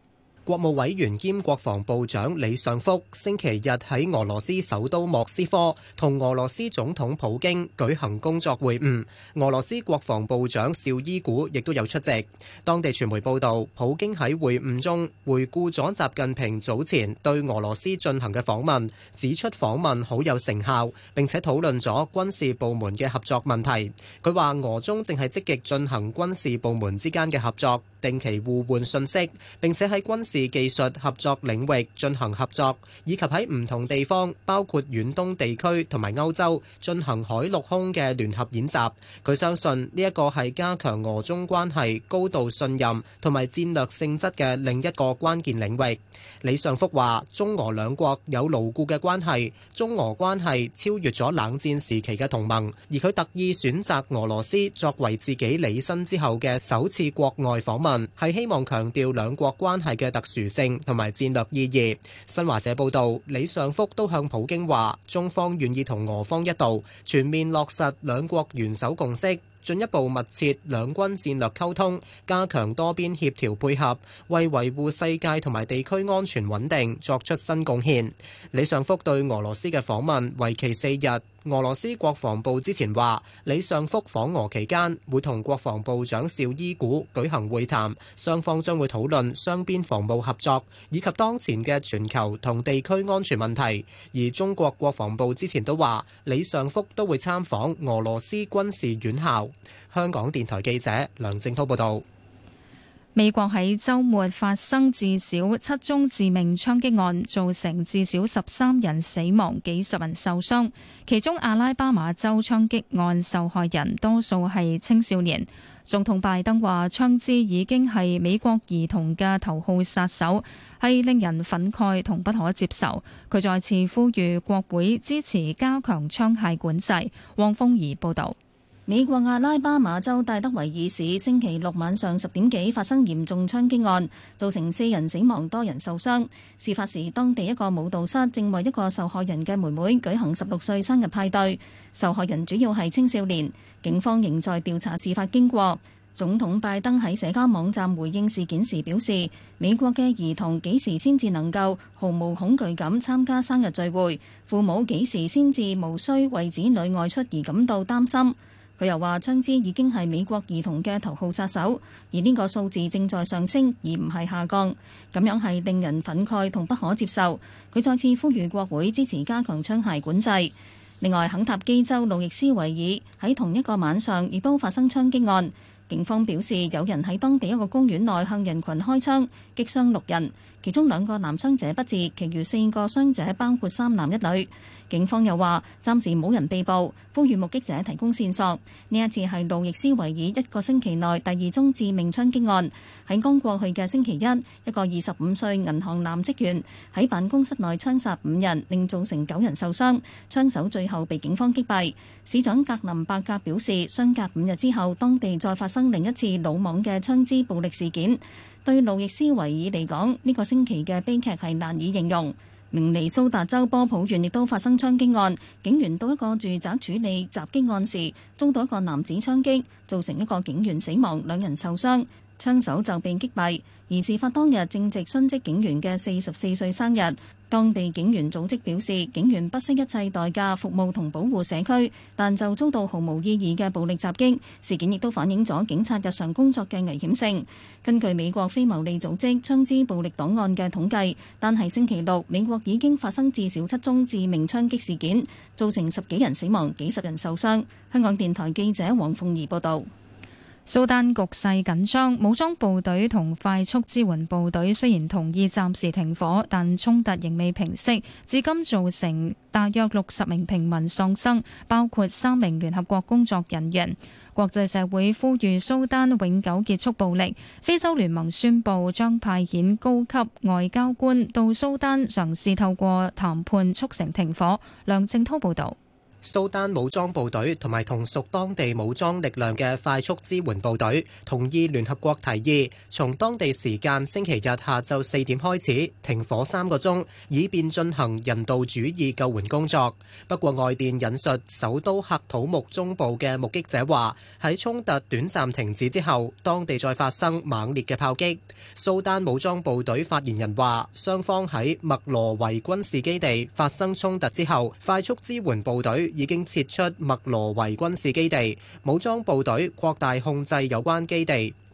國務委員兼國防部長李尚福星期日喺俄羅斯首都莫斯科同俄羅斯總統普京舉行工作會晤，俄羅斯國防部長邵伊古亦都有出席。當地傳媒報道，普京喺會晤中回顧咗習近平早前對俄羅斯進行嘅訪問，指出訪問好有成效，並且討論咗軍事部門嘅合作問題。佢話俄中正係積極進行軍事部門之間嘅合作。定期互換信息，並且喺軍事技術合作領域進行合作，以及喺唔同地方，包括遠東地區同埋歐洲進行海陸空嘅聯合演習。佢相信呢一個係加強俄中關係高度信任同埋戰略性質嘅另一個關鍵領域。李尚福話：中俄兩國有牢固嘅關係，中俄關係超越咗冷戰時期嘅同盟。而佢特意選擇俄羅斯作為自己履新之後嘅首次國外訪問，係希望強調兩國關係嘅特殊性同埋戰略意義。新華社報道，李尚福都向普京話，中方願意同俄方一道全面落實兩國元首共識，進一步密切兩軍戰略溝通，加強多邊協調配合，為維護世界同埋地區安全穩定作出新貢獻。李尚福對俄羅斯嘅訪問為期四日。俄羅斯國防部之前話，李尚福訪俄期間會同國防部長邵伊古舉行會談，雙方將會討論雙邊防務合作，以及當前嘅全球同地區安全問題。而中國國防部之前都話，李尚福都會參訪俄羅斯軍事院校。香港電台記者梁正滔報導。美國喺週末發生至少七宗致命槍擊案，造成至少十三人死亡、幾十人受傷。其中阿拉巴馬州槍擊案受害人多數係青少年。總統拜登話：槍支已經係美國兒童嘅頭號殺手，係令人憤慨同不可接受。佢再次呼籲國會支持加強槍械管制。汪峰儀報導。美國阿拉巴馬州戴德維爾市星期六晚上十點幾發生嚴重槍擊案，造成四人死亡、多人受傷。事發時，當地一個舞蹈室正為一個受害人嘅妹妹舉行十六歲生日派對。受害人主要係青少年。警方仍在調查事發經過。總統拜登喺社交網站回應事件時表示，美國嘅兒童幾時先至能夠毫無恐懼咁參加生日聚會？父母幾時先至無需為子女外出而感到擔心？佢又話：槍支已經係美國兒童嘅頭號殺手，而呢個數字正在上升，而唔係下降。咁樣係令人憤慨同不可接受。佢再次呼籲國會支持加強槍械管制。另外，肯塔基州路易斯維爾喺同一個晚上亦都發生槍擊案。警方表示，有人喺當地一個公園內向人群開槍，擊傷六人，其中兩個男傷者不治，其餘四個傷者包括三男一女。警方又話暫時冇人被捕，呼籲目擊者提供線索。呢一次係路易斯維爾一個星期內第二宗致命槍擊案。喺剛過去嘅星期一，一個二十五歲銀行男職員喺辦公室內槍殺五人，另造成九人受傷。槍手最後被警方擊斃。市長格林伯格表示，相隔五日之後，當地再發生生另一次魯莽嘅槍支暴力事件，對路易斯維爾嚟講，呢個星期嘅悲劇係難以形容。明尼蘇達州波普縣亦都發生槍擊案，警員到一個住宅處理襲擊案時，遭到一個男子槍擊，造成一個警員死亡，兩人受傷，槍手就被擊斃。而事發當日正值殉職警員嘅四十四歲生日。當地警員組織表示，警員不惜一切代價服務同保護社區，但就遭到毫無意義嘅暴力襲擊，事件亦都反映咗警察日常工作嘅危險性。根據美國非牟利組織，槍支暴力檔案嘅統計，單係星期六，美國已經發生至少七宗致命槍擊事件，造成十幾人死亡，幾十人受傷。香港電台記者黃鳳儀報道。蘇丹局勢緊張，武裝部隊同快速支援部隊雖然同意暫時停火，但衝突仍未平息，至今造成大約六十名平民喪生，包括三名聯合國工作人員。國際社會呼籲蘇丹永久結束暴力。非洲聯盟宣布將派遣高級外交官到蘇丹，嘗試透過談判促成停火。梁正滔報導。蘇丹武裝部隊同埋同屬當地武裝力量的快速支援部隊同意聯合國提議，從當地時間星期日下晝四點開始停火三個鐘，以便進行人道主義救援工作。不過外電引述首都喀土木中部的目擊者話，喺衝突短暫停止之後當地再發生猛烈的炮擊。蘇丹武裝部隊發言人話，雙方喺麥羅維軍事基地發生衝突之後快速支援部隊已經撤出麥羅維軍事基地，武裝部隊擴大控制有關基地。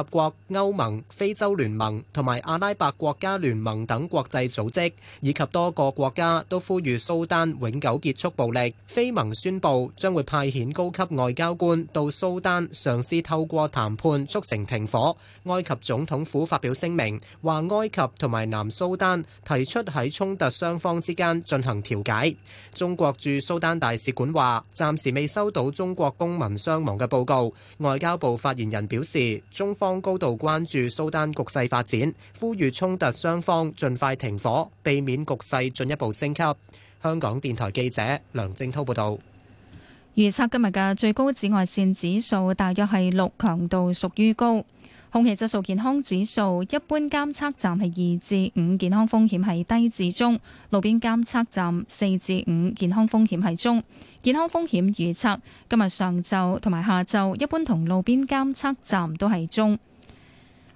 聯合國、歐盟、非洲聯盟同埋阿拉伯國家聯盟等國際組織以及多個國家都呼籲蘇丹永久結束暴力。非盟宣布將會派遣高級外交官到蘇丹，嘗試透過談判促成停火。埃及總統府發表聲明，話埃及同埋南蘇丹提出喺衝突雙方之間進行調解。中國駐蘇丹大使館話，暫時未收到中國公民傷亡嘅報告。外交部發言人表示，中方高度關注蘇丹局勢發展，呼籲衝突雙方盡快停火，避免局勢進一步升級。香港電台記者梁正滔報導。預測今日嘅最高紫外線指數大約係六，強度屬於高。空氣質素健康指數一般監測站係二至五，健康風險係低至中；路邊監測站四至五，健康風險係中。健康風險預測今日上晝同埋下晝一般，同路邊監測站都係中。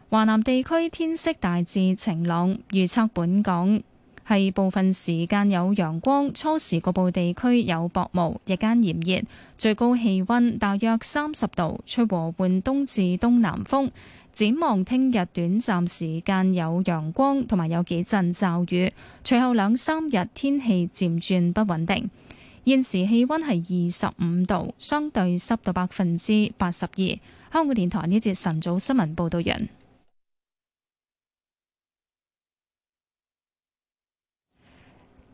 華南地區天色大致晴朗，預測本港係部分時間有陽光，初時局部地區有薄霧，日間炎熱，最高氣溫大約三十度，吹和緩東至東南風。展望聽日短暫時間有陽光同埋有幾陣驟雨，隨後兩三日天氣漸轉不穩定。現時氣溫係二十五度，相對濕度百分之八十二。香港電台呢節晨早新聞報道完，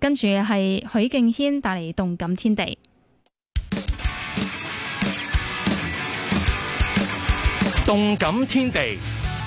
跟住係許敬軒帶嚟動感天地。動感天地，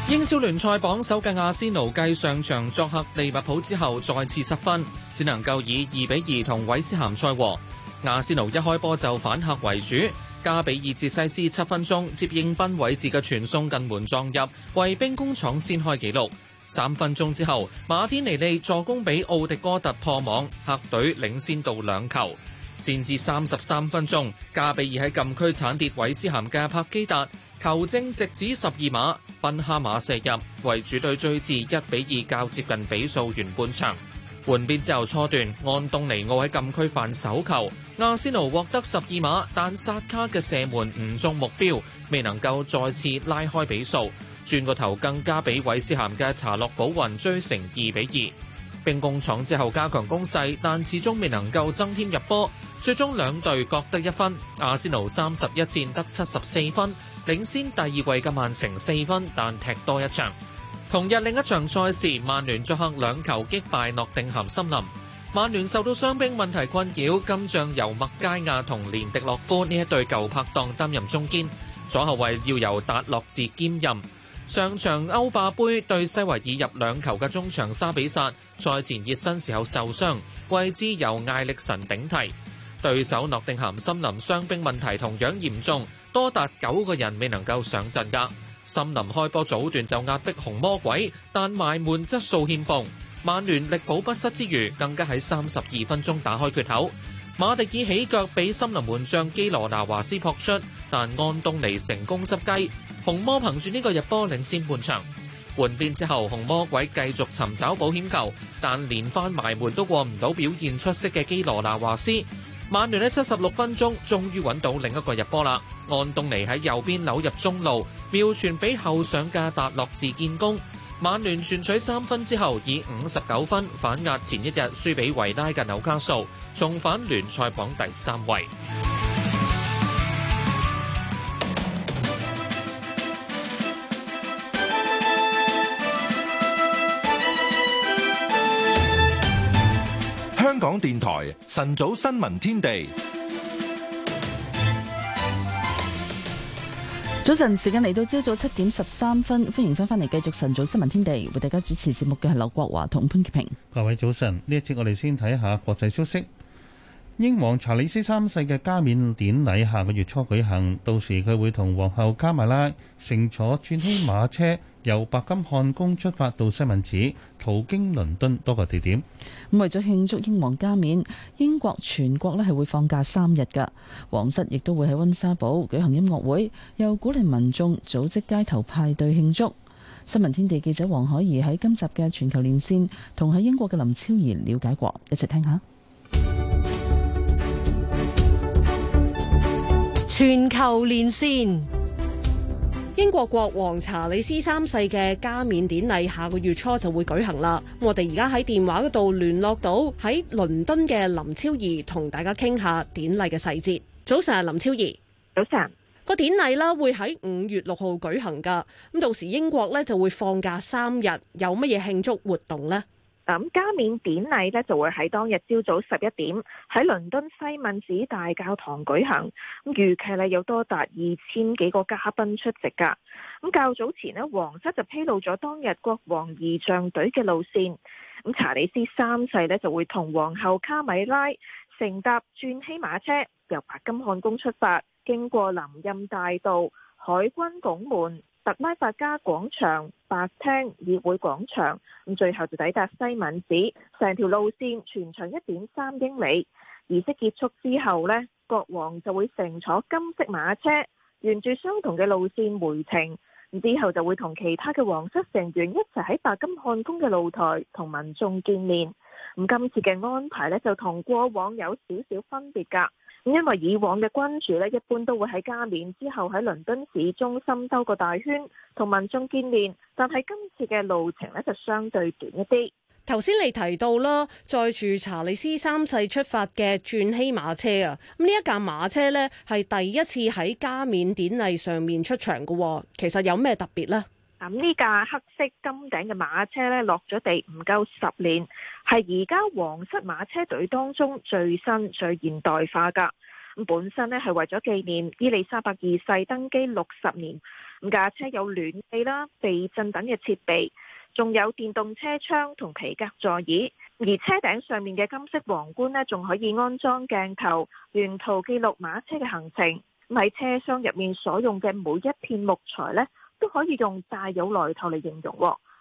英超聯賽榜首嘅阿仙奴繼上場作客利物浦之後再次失分，只能夠以二比二同韋斯咸賽和。亞仙奴一開波就反客為主，加比爾捷西斯七分鐘接應賓偉治嘅傳送近門撞入，為兵工廠先開紀錄。三分鐘之後，馬天尼利助攻俾奧迪哥特，特破網，客隊領先到兩球。戰至三十三分鐘，加比爾喺禁區鏟跌韋斯咸嘅帕基達，球證直指十二碼，賓哈馬射入，為主隊追至一比二，較接近比數，完半場。換邊之後初段，安東尼奧喺禁區犯手球，阿仙奴獲得十二碼，但薩卡嘅射門唔中目標，未能夠再次拉開比數。轉個頭更加俾韋斯咸嘅查洛寶雲追成二比二。兵工廠之後加強攻勢，但始終未能夠增添入波，最終兩隊各得一分。阿仙奴三十一戰得七十四分，領先第二位嘅曼城四分，但踢多一場。同日另一場賽事，曼聯作客兩球擊敗諾定咸森林。曼聯受到傷兵問題困擾，今仗由麥佳亞同連迪洛夫呢一對舊拍檔擔任中堅，左後衞要由達洛治兼任。上場歐霸杯對西維爾入兩球嘅中場沙比薩，賽前熱身時候受傷，季姿由艾力神頂替。對手諾定咸森林傷兵問題同樣嚴重，多達九個人未能夠上陣噶。森林開波早段就壓迫紅魔鬼，但埋門質素欠奉。曼聯力保不失之餘，更加喺三十二分鐘打開缺口。馬迪爾起腳俾森林門將基羅納華斯撲出，但安東尼成功失雞。紅魔憑住呢個入波領先半場。換邊之後，紅魔鬼繼續尋找保險球，但連番埋門都過唔到表現出色嘅基羅納華斯。曼聯呢，七十六分鐘終於揾到另一個入波啦，安東尼喺右邊扭入中路，妙傳俾後上嘅達洛治建功。曼聯全取三分之後，以五十九分反壓前一日輸俾維拉嘅紐卡素，重返聯賽榜第三位。香港電台晨早新聞天地，早晨時間嚟到朝早七點十三分，歡迎翻返嚟繼續晨早新聞天地，為大家主持節目嘅係劉國華同潘潔平。各位早晨，呢一節我哋先睇下國際消息。英皇查理斯三世嘅加冕典禮下個月初舉行，到時佢會同皇后卡米拉乘坐鑽禧馬車由白金漢宮出發到西敏寺，途經倫敦多個地點。咁為咗慶祝英皇加冕，英國全國咧係會放假三日噶。皇室亦都會喺溫莎堡舉行音樂會，又鼓勵民眾組織街頭派對慶祝。新聞天地記者黃海怡喺今集嘅全球連線，同喺英國嘅林超賢了解過，一齊聽一下。全球連線，英國國王查理斯三世嘅加冕典禮下個月初就會舉行啦。我哋而家喺電話嗰度聯絡到喺倫敦嘅林超儀，同大家傾下典禮嘅細節。早晨啊，林超儀，早晨。個典禮啦會喺五月六號舉行噶，咁到時英國咧就會放假三日，有乜嘢慶祝活動呢？咁加冕典禮咧就會喺當日朝早十一點喺倫敦西敏寺大教堂舉行，咁預期咧有多達二千幾個嘉賓出席噶。咁較早前咧，皇室就披露咗當日國王儀仗隊嘅路線，查理斯三世咧就會同皇后卡米拉乘搭鑽禧馬車由白金漢宮出發，經過林蔭大道、海軍拱門。特拉法加廣場、白廳、議會廣場，咁最後就抵達西敏寺。成條路線全長一點三英里。儀式結束之後呢，國王就會乘坐金色馬車，沿住相同嘅路線回程。之後就會同其他嘅皇室成員一齊喺白金漢宮嘅露台同民眾見面。咁今次嘅安排呢，就同過往有少少分別㗎。因為以往嘅君主咧，一般都會喺加冕之後喺倫敦市中心兜個大圈同民眾見面，但係今次嘅路程咧就相對短一啲。頭先你提到啦，載住查理斯三世出發嘅鑽禧馬車啊，咁呢一架馬車呢，係第一次喺加冕典禮上面出場㗎，其實有咩特別呢？咁呢架黑色金頂嘅馬車呢，落咗地唔夠十年，係而家皇室馬車隊當中最新最現代化噶。本身呢係為咗紀念伊利沙伯二世登基六十年。咁架車有暖氣啦、避震等嘅設備，仲有電動車窗同皮革座椅。而車頂上面嘅金色皇冠呢，仲可以安裝鏡頭，沿途記錄馬車嘅行程。咁喺車廂入面所用嘅每一片木材呢，都可以用大有來頭嚟形容，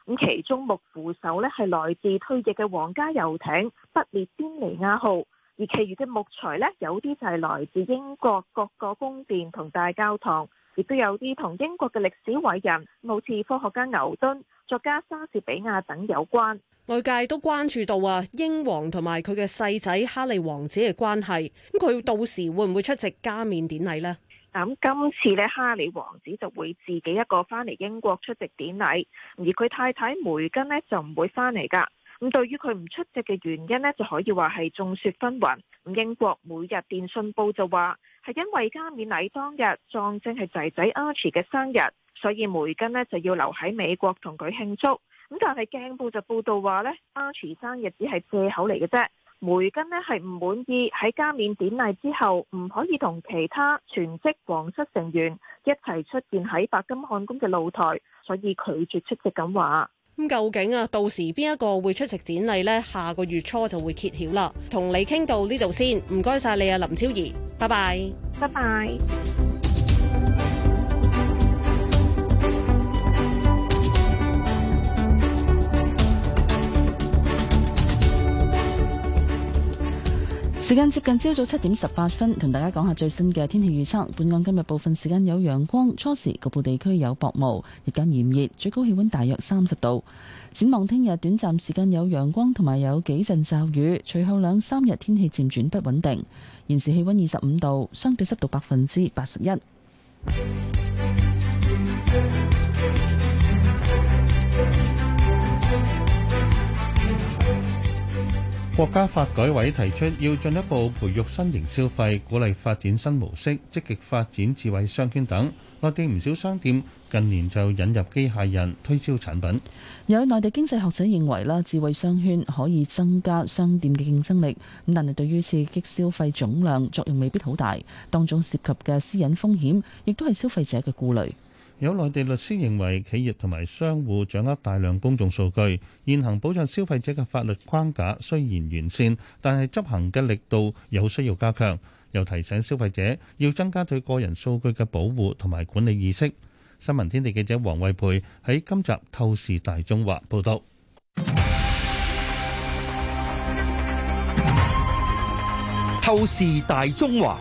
咁其中木扶手呢係來自退役嘅皇家遊艇不列顛尼亞號，而其餘嘅木材呢，有啲就係來自英國各個宮殿同大教堂，亦都有啲同英國嘅歷史偉人，好似科學家牛頓、作家莎士比亞等有關。外界都關注到啊，英皇同埋佢嘅細仔哈利王子嘅關係，咁佢到時會唔會出席加冕典禮呢？咁今次咧，哈里王子就會自己一個返嚟英國出席典禮，而佢太太梅根呢就唔會返嚟噶。咁對於佢唔出席嘅原因呢，就可以話係眾說紛紜。咁英國每日電訊報就話係因為加冕禮當日撞正係仔仔阿奇嘅生日，所以梅根呢就要留喺美國同佢慶祝。咁但係鏡報就報道話咧，阿奇生日只係借口嚟嘅啫。梅根呢係唔滿意喺加冕典禮之後唔可以同其他全職皇室成員一齊出現喺白金漢宮嘅露台，所以拒絕出席咁話。咁究竟啊，到時邊一個會出席典禮呢？下個月初就會揭曉啦。同你傾到呢度先，唔該晒你啊，林超儀，拜拜，拜拜。時間接近朝早七點十八分，同大家講下最新嘅天氣預測。本港今日部分時間有陽光，初時局部地區有薄霧，日間炎熱，最高氣溫大約三十度。展望聽日短暫時間有陽光同埋有幾陣驟雨，隨後兩三日天氣漸轉不穩定。現時氣溫二十五度，相對濕度百分之八十一。 國家發改委提出要進一步培育新型消費，鼓勵發展新模式，積極發展智慧商圈等。內地唔少商店近年就引入機械人推銷產品。有內地經濟學者認為啦，智慧商圈可以增加商店嘅競爭力，咁但係對於刺激消費總量作用未必好大。當中涉及嘅私隱風險，亦都係消費者嘅顧慮。有內地律師認為，企業同埋商戶掌握大量公眾數據，現行保障消費者嘅法律框架雖然完善，但係執行嘅力度有需要加強。又提醒消費者要增加對個人數據嘅保護同埋管理意識。新聞天地記者黃慧培喺今集《透視大中華》報道。《透視大中華》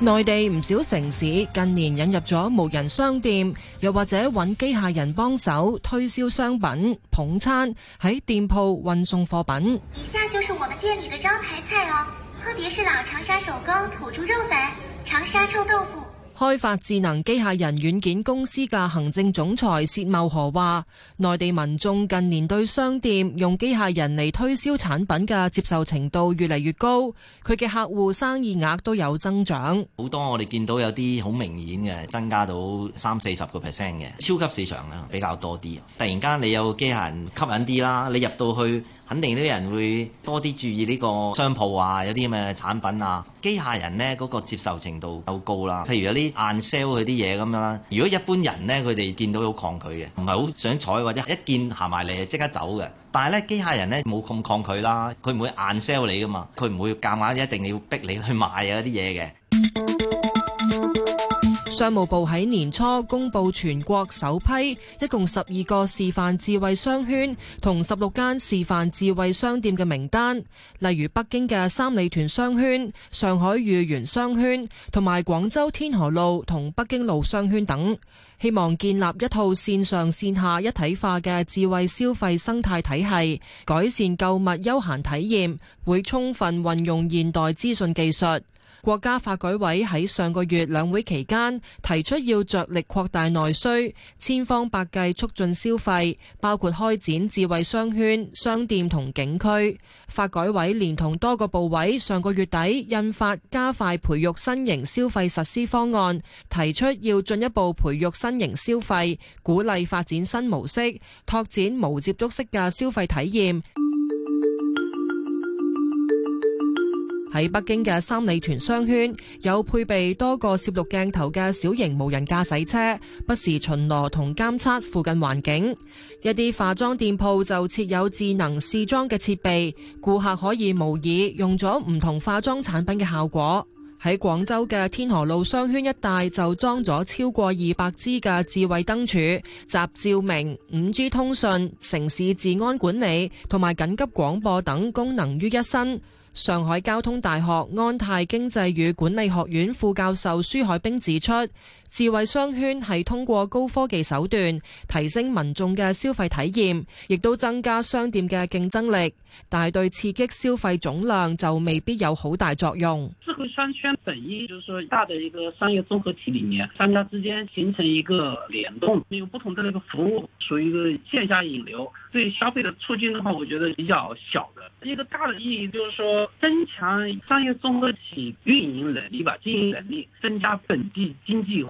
內地唔少城市近年引入咗無人商店，又或者搵機械人幫手推銷商品、捧餐，喺店鋪運送貨品。以下就是我們店裏的招牌菜哦，特別是老長沙手工土豬肉粉、長沙臭豆腐。開發智能機械人軟件公司嘅行政總裁薛茂河話：內地民眾近年對商店用機械人嚟推銷產品嘅接受程度越嚟越高，佢嘅客戶生意額都有增長。好多我哋見到有啲好明顯嘅增加到三四十個 percent 嘅超級市場啦，比較多啲。突然間你有機械人吸引啲啦，你入到去。肯定啲人會多啲注意呢個商鋪啊，有啲咁嘅產品啊。機械人呢，嗰個接受程度好高啦。譬如有啲硬 sell 佢啲嘢咁樣啦。如果一般人呢，佢哋見到好抗拒嘅，唔係好想睬，或者一見行埋嚟就即刻走嘅。但係呢，機械人呢，冇咁抗拒啦，佢唔會硬 sell 你㗎嘛，佢唔會夾硬一定要逼你去買啊啲嘢嘅。 商務部喺年初公布全國首批一共十二個示範智慧商圈同十六間示範智慧商店嘅名單，例如北京嘅三里屯商圈、上海豫園商圈同埋廣州天河路同北京路商圈等，希望建立一套線上線下一體化嘅智慧消費生態體系，改善購物休閒體驗，會充分運用現代資訊技術。國家發改委喺上個月兩會期間提出要着力擴大內需，千方百計促進消費，包括開展智慧商圈、商店同景區。發改委連同多個部委上個月底印發加快培育新型消費實施方案，提出要進一步培育新型消費，鼓勵發展新模式，拓展無接觸式嘅消費體驗。喺北京嘅三里屯商圈有配備多個攝錄鏡頭嘅小型無人駕駛車，不時巡邏同監測附近環境。一啲化妝店鋪就設有智能試妝嘅設備，顧客可以模擬用咗唔同化妝產品嘅效果。喺廣州嘅天河路商圈一帶就裝咗超過二百支嘅智慧燈柱，集照明、五 G 通訊、城市治安管理同埋緊急廣播等功能於一身。上海交通大學安泰經濟與管理學院副教授舒海兵指出。智慧商圈係通過高科技手段提升民眾嘅消費體驗，亦都增加商店嘅競爭力，但係對刺激消費總量就未必有好大作用。智慧商圈本意就是說大的一個商業綜合體裏面，商家之間形成一個聯動，有不同的一個服務，屬於一個線下引流，對消費的促進的話，我覺得比較小的一個大的意義就是說增強商業綜合體運營能力吧，經營能力增加本地經濟。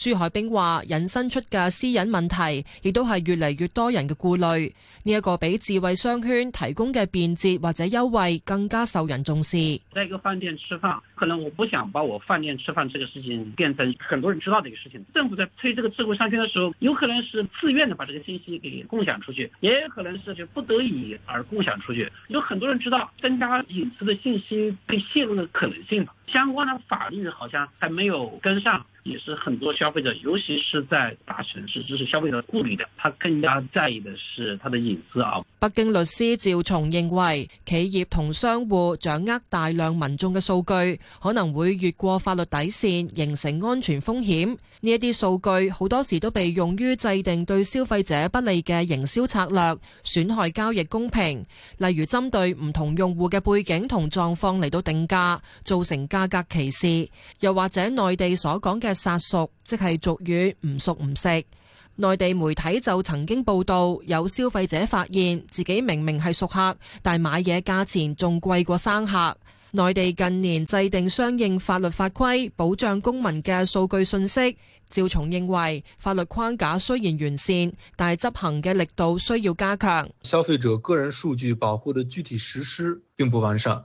舒海冰話：引申出嘅私隱問題，亦都係越嚟越多人嘅顧慮。呢一個俾智慧商圈提供嘅便捷或者優惠，更加受人重視。在一個飯店吃飯，可能我不想把我飯店吃飯這個事情變成很多人知道這個事情。政府在推這個智慧商圈的時候，有可能是自願的把這個信息給共享出去，也有可能是就不得已而共享出去。有很多人知道，增加隱私的信息被洩露的可能性。相關的法律好像還沒有跟上，也是很多消費者，尤其是在大城市，就是消費者顧慮的。他更加在意的是他的隱私啊。北京律師趙松認為，企業同商戶掌握大量民眾嘅數據，可能會越過法律底線，形成安全風險。呢一啲數據好多時都被用於制定對消費者不利嘅營銷策略，損害交易公平。例如針對唔同用戶嘅背景同狀況嚟到定價，造成價格歧視，又或者內地所講嘅殺熟，即係俗語唔熟唔食。內地媒體就曾經報道，有消費者發現自己明明係熟客，但買嘢價錢仲貴過生客。內地近年制定相應法律法規，保障公民嘅數據信息。趙松認為，法律框架雖然完善，但係執行嘅力度需要加強。消費者個人數據保護嘅具體實施並不完善。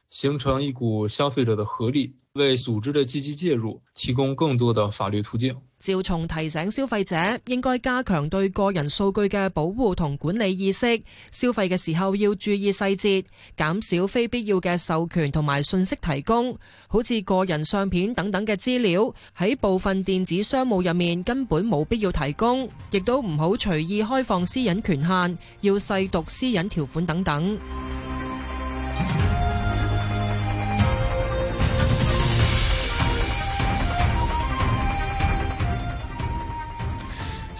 形成一股消費者的合力，為組織嘅積極介入提供更多的法律途徑。趙松提醒消費者應該加強對個人數據嘅保護同管理意識，消費嘅時候要注意細節，減少非必要嘅授權同埋信息提供，好似個人相片等等嘅資料喺部分電子商務入面根本冇必要提供，亦都唔好隨意開放私隱權限，要細讀私隱條款等等。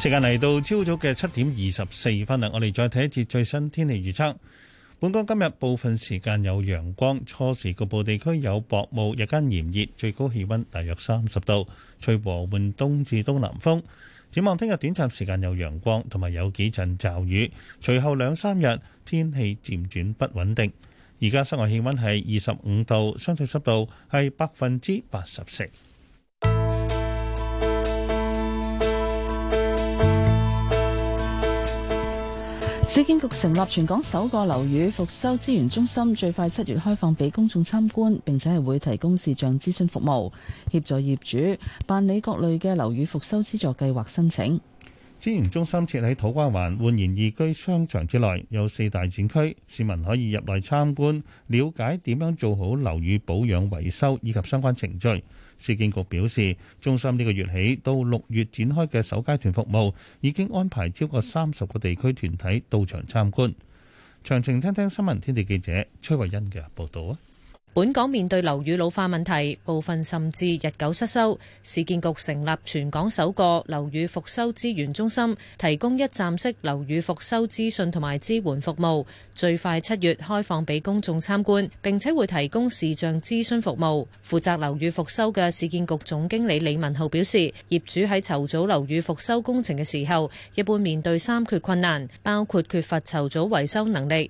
時間嚟到朝早嘅七點二十四分啦，我哋再睇一次最新天氣預測。本港今日部分時間有陽光，初時局部地區有薄霧，日間炎熱，最高氣温大約三十度，吹和緩東至東南風。展望聽日短暫時間有陽光，同埋有幾陣驟雨，隨後兩三日天氣漸轉不穩定。而家室外氣温係二十五度，相對濕度係百分之八十四。市建局成立全港首個樓宇復修資源中心，最快七月開放俾公眾參觀，並且係會提供視像諮詢服務，協助業主辦理各類嘅樓宇復修資助計劃申請。資源中心設喺土瓜灣煥然懿居商場之內，有四大展區，市民可以入內參觀，了解點樣做好樓宇保養維修以及相關程序。市建局表示，中心呢個月起到六月展開嘅首階段服務，已經安排超過三十個地區團體到場參觀。詳情聽聽新聞天地記者崔慧欣嘅報道啊！本港面對樓宇老化問題，部分甚至日久失修，市建局成立全港首個樓宇復修資源中心，提供一站式樓宇復修資訊同埋支援服務，最快七月開放俾公眾參觀，並且會提供視像諮詢服務。負責樓宇復修嘅市建局總經理李文浩表示，業主喺籌組樓宇復修工程嘅時候，一般面對三缺困難，包括缺乏籌組維修能力。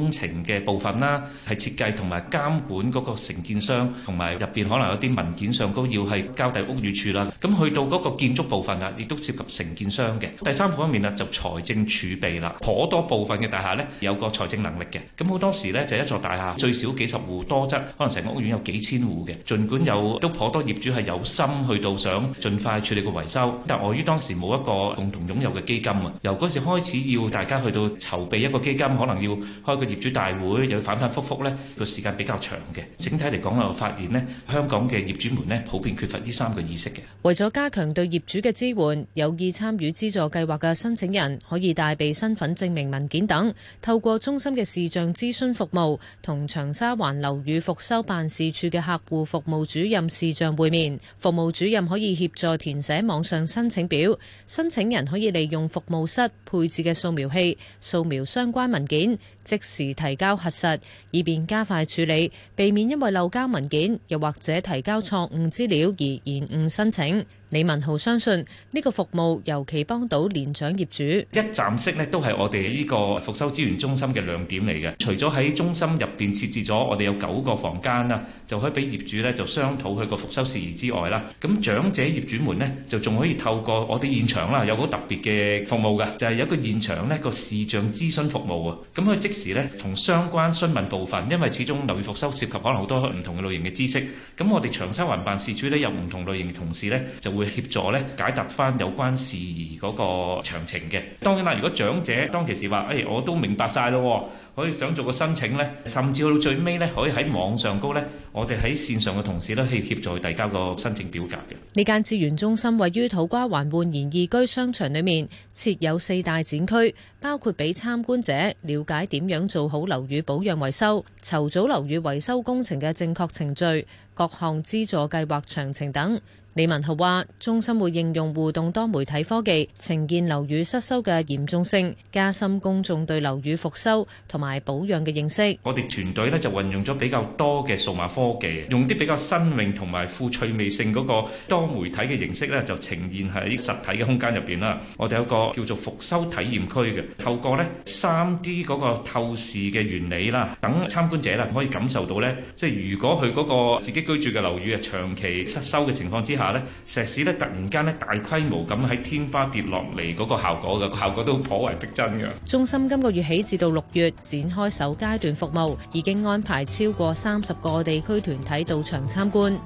工程嘅部分啦，係設計同埋監管嗰個承建商，同埋入邊可能有啲文件上高要係交遞屋宇處啦。咁去到嗰個建築部分啊，亦都涉及承建商嘅。第三方面啊，就財政儲備啦，頗多部分嘅大廈咧，有個財政能力嘅。咁好多時咧，就一座大廈最少幾十戶多則，可能成個屋苑有幾千戶嘅。盡管有都頗多業主係有心去到想盡快處理個維修，但係礙於當時冇一個共同擁有嘅基金啊，由嗰時開始要大家去到籌備一個基金，可能要開個。業主大會又反反覆覆，呢個時間比較長嘅。整體嚟講，我發現咧，香港嘅業主們咧，普遍缺乏呢三個意識嘅。為咗加強對業主嘅支援，有意參與資助計劃嘅申請人可以帶備身份證明文件等，透過中心嘅視像諮詢服務同長沙灣樓宇復修辦事處嘅客戶服務主任視像會面。服務主任可以協助填寫網上申請表，申請人可以利用服務室配置嘅掃描器掃描相關文件。即時提交核實，以便加快處理，避免因為漏交文件，又或者提交錯誤資料而延誤申請。李文豪相信呢個服務尤其幫到年長業主。一站式咧都係我哋呢個復修資源中心嘅亮點嚟嘅。除咗喺中心入邊設置咗我哋有九個房間啦，就可以俾業主咧就商討佢個復修事宜之外啦。咁長者業主們咧就仲可以透過我哋現場啦，有好特別嘅服務嘅，就係有一個現場咧個視像諮詢服務啊。咁佢即時咧同相關詢問部分，因為始終樓宇復修涉及可能好多唔同嘅類型嘅知識。咁我哋長沙環辦事處咧有唔同類型嘅同事咧就會。會協助咧解答翻有關事宜嗰個詳情嘅。當然啦，如果長者當其時話：，誒、哎，我都明白晒咯，可以想做個申請呢。」甚至去到最尾呢，可以喺網上高呢，我哋喺線上嘅同事都可以協助佢遞交個申請表格嘅。呢間資源中心位於土瓜灣煥然懿居商場裡面，設有四大展區，包括俾參觀者了解點樣做好樓宇保養維修、籌組樓宇維修工程嘅正確程序、各項資助計劃詳情等。李文豪話：中心會應用互動多媒體科技，呈現樓宇失修嘅嚴重性，加深公眾對樓宇復修同埋保養嘅認識。我哋團隊咧就運用咗比較多嘅數碼科技，用啲比較新穎同埋富趣味性嗰個多媒體嘅形式咧，就呈現喺實體嘅空間入邊啦。我哋有個叫做復修體驗區嘅，透過咧三 D 嗰個透視嘅原理啦，等參觀者啦可以感受到咧，即係如果佢嗰個自己居住嘅樓宇啊長期失修嘅情況之下。石屎咧突然間咧大規模咁喺天花跌落嚟嗰個效果嘅，效果都頗為逼真嘅。中心今個月起至到六月展開首階段服務，已經安排超過三十個地區團體到場參觀。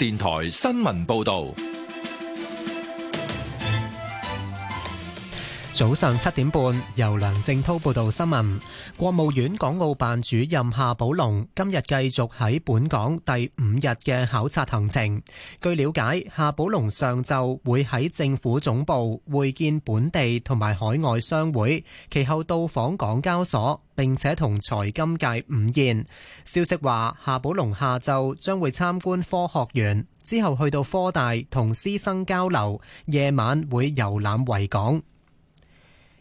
電台新聞報道。早上七點半，由梁正濤報道新聞。國務院港澳辦主任夏寶龍今日繼續喺本港第五日嘅考察行程。據了解，夏寶龍上晝會喺政府總部會見本地同埋海外商會，其後到訪港交所，並且同財金界午宴。消息話，夏寶龍下晝將會參觀科學園，之後去到科大同師生交流，夜晚會遊覽維港。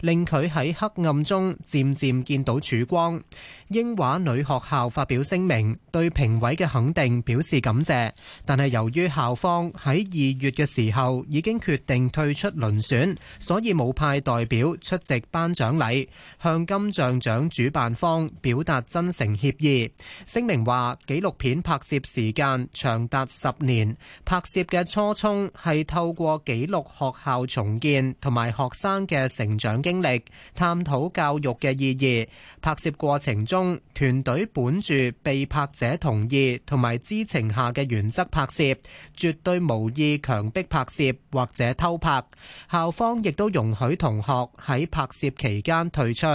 令佢喺黑暗中漸漸見到曙光。英華女學校發表聲明，對評委嘅肯定表示感謝。但係由於校方喺二月嘅時候已經決定退出輪選，所以冇派代表出席頒獎禮，向金像獎主辦方表達真誠歉意。聲明話，紀錄片拍攝時間長達十年，拍攝嘅初衷係透過紀錄學校重建同埋學生嘅成。成長經歷，探討教育嘅意義。拍攝過程中，團隊本住被拍者同意同埋知情下嘅原則拍攝，絕對無意強迫拍攝或者偷拍。校方亦都容許同學喺拍攝期間退出。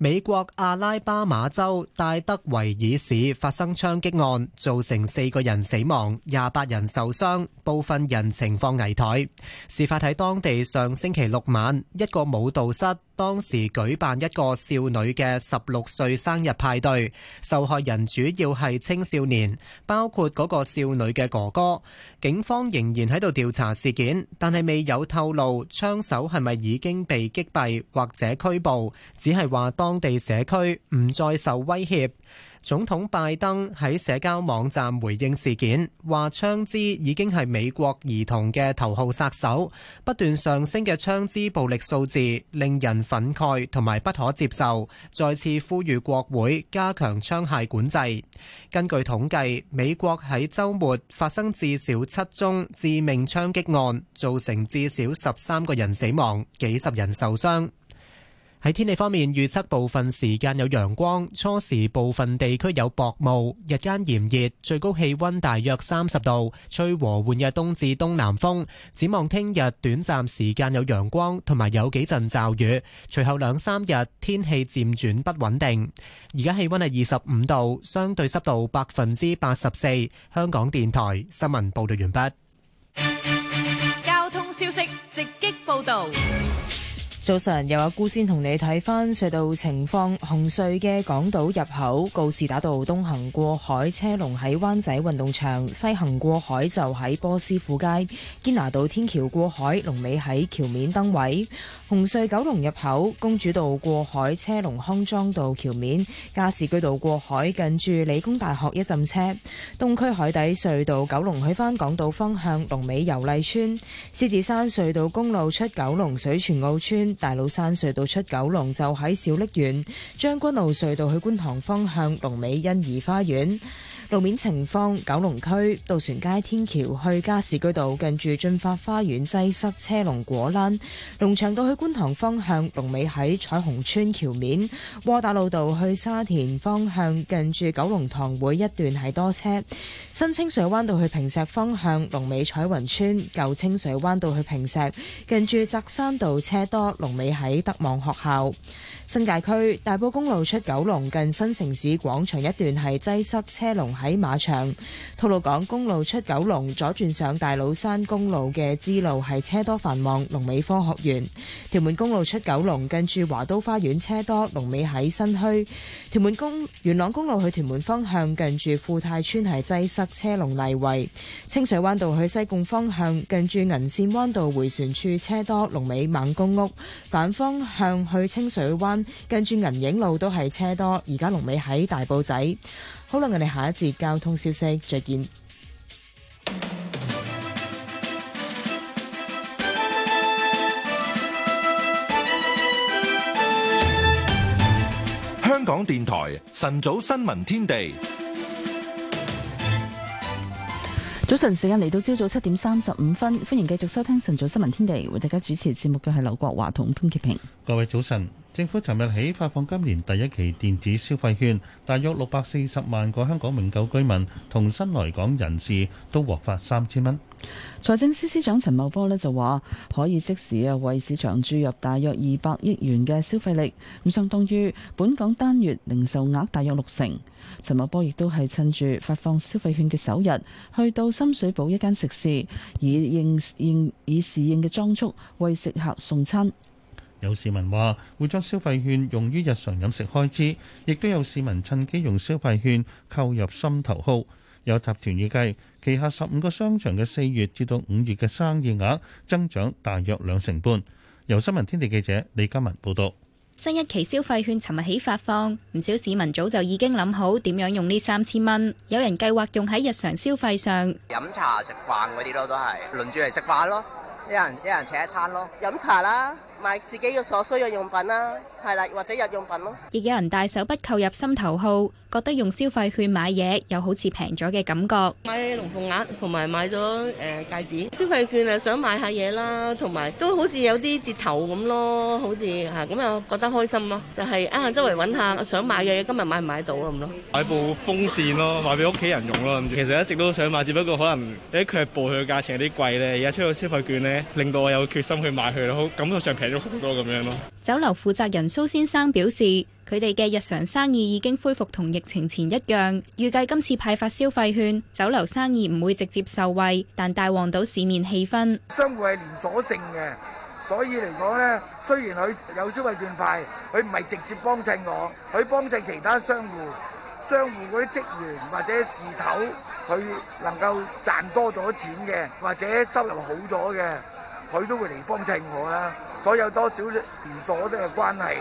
美國阿拉巴馬州戴德維爾市發生槍擊案，造成四個人死亡、廿八人受傷，部分人情況危殆。事發喺當地上星期六晚，一個舞蹈室當時舉辦一個少女嘅十六歲生日派對，受害人主要係青少年，包括嗰個少女嘅哥哥。警方仍然喺度調查事件，但係未有透露槍手係咪已經被擊斃或者拘捕，只係話當。當地社區唔再受威脅。總統拜登喺社交網站回應事件，話槍支已經係美國兒童嘅頭號殺手。不斷上升嘅槍支暴力數字令人憤慨同埋不可接受，再次呼籲國會加強槍械管制。根據統計，美國喺周末發生至少七宗致命槍擊案，造成至少十三個人死亡，幾十人受傷。喺天氣方面，預測部分時間有陽光，初時部分地區有薄霧，日間炎熱，最高氣溫大約三十度，吹和緩嘅東至東南風。展望聽日短暫時間有陽光同埋有幾陣驟雨，隨後兩三日天氣漸轉不穩定。而家氣溫係二十五度，相對濕度百分之八十四。香港電台新聞報道完畢。交通消息直擊報道。早晨，由阿姑先同你睇翻隧道情況。紅隧嘅港島入口告士打道東行過海車龍喺灣仔運動場，西行過海就喺波斯富街堅拿道天橋過海，龍尾喺橋面燈位。紅隧九龍入口，公主道過海車龍，康莊道橋面，加士居道過海近住理工大學一陣車。東區海底隧道九龍去返港島方向，龍尾油麗村。獅子山隧道公路出九龍水泉澳村，大老山隧道出九龍就喺小瀝源。將軍澳隧道去觀塘方向龍，龍尾欣怡花園。路面情況：九龍區渡船街天橋去加士居道近住進發花園擠塞車龍果欄；龍翔道去觀塘方向龍尾喺彩虹村橋面；窩打老道去沙田方向近住九龍塘會一段係多車；新清水灣道去坪石方向龍尾彩雲村；舊清水灣道去坪石近住澤山道車多龍尾喺德望學校；新界區大埔公路出九龍近新城市廣場一段係擠塞車龍。喺馬場，吐露港公路出九龍左轉上大老山公路嘅支路係車多繁忙，龍尾科學園。屯門公路出九龍，近住華都花園車多，龍尾喺新墟。屯門公元朗公路去屯門方向，近住富泰邨係擠塞車龍，泥圍。清水灣道去西貢方向，近住銀線灣道回旋處車多，龍尾孟公屋。反方向去清水灣，近住銀影路都係車多，而家龍尾喺大埔仔。好啦，我哋下一節交通消息再見。香港電台晨早新聞天地，早晨時間嚟到朝早七點三十五分，歡迎繼續收聽晨早新聞天地，為大家主持節目嘅係劉國華同潘潔平。各位早晨。政府尋日起發放今年第一期電子消費券，大約六百四十萬個香港永久居民同新來港人士都獲發三千蚊。財政司司長陳茂波呢就話：可以即時啊為市場注入大約二百億元嘅消費力，咁相當於本港單月零售額大約六成。陳茂波亦都係趁住發放消費券嘅首日，去到深水埗一間食肆，以，以應應以侍應嘅裝束為食客送餐。有市民話會將消費券用於日常飲食開支，亦都有市民趁機用消費券購入心頭好。有集團預計旗下十五個商場嘅四月至到五月嘅生意額增長大約兩成半。由新聞天地記者李嘉文報道。新一期消費券尋日起發放，唔少市民早就已經諗好點樣用呢三千蚊。有人計劃用喺日常消費上，飲茶食飯嗰啲咯，都係輪住嚟食飯咯，一人一人請一餐咯，飲茶啦。買自己嘅所需嘅用品啦，係啦，或者日用品咯。亦有人大手筆購入心頭好，覺得用消費券買嘢又好似平咗嘅感覺。買龍鳳鈪同埋買咗誒戒指，消費券啊，想買下嘢啦，同埋都好似有啲折頭咁咯，好似吓咁又覺得開心咯。就係啊，周圍搵下想買嘅嘢，今日買唔買到咁咯。買部風扇咯，買俾屋企人用咯。 其實一直都想買，只不過可能誒佢係報佢嘅價錢有啲貴咧，而家出咗消費券咧，令到我有決心去買佢咯，感覺上好多咁樣咯。酒樓負責人蘇先生表示，佢哋嘅日常生意已經恢復同疫情前一樣。預計今次派發消費券，酒樓生意唔會直接受惠，但帶旺到市面氣氛。商戶係連鎖性嘅，所以嚟講呢，雖然佢有消費券派，佢唔係直接幫襯我，佢幫襯其他商戶，商戶嗰啲職員或者事頭，佢能夠賺多咗錢嘅，或者收入好咗嘅，佢都會嚟幫襯我啦。所有多少連鎖咧嘅關係，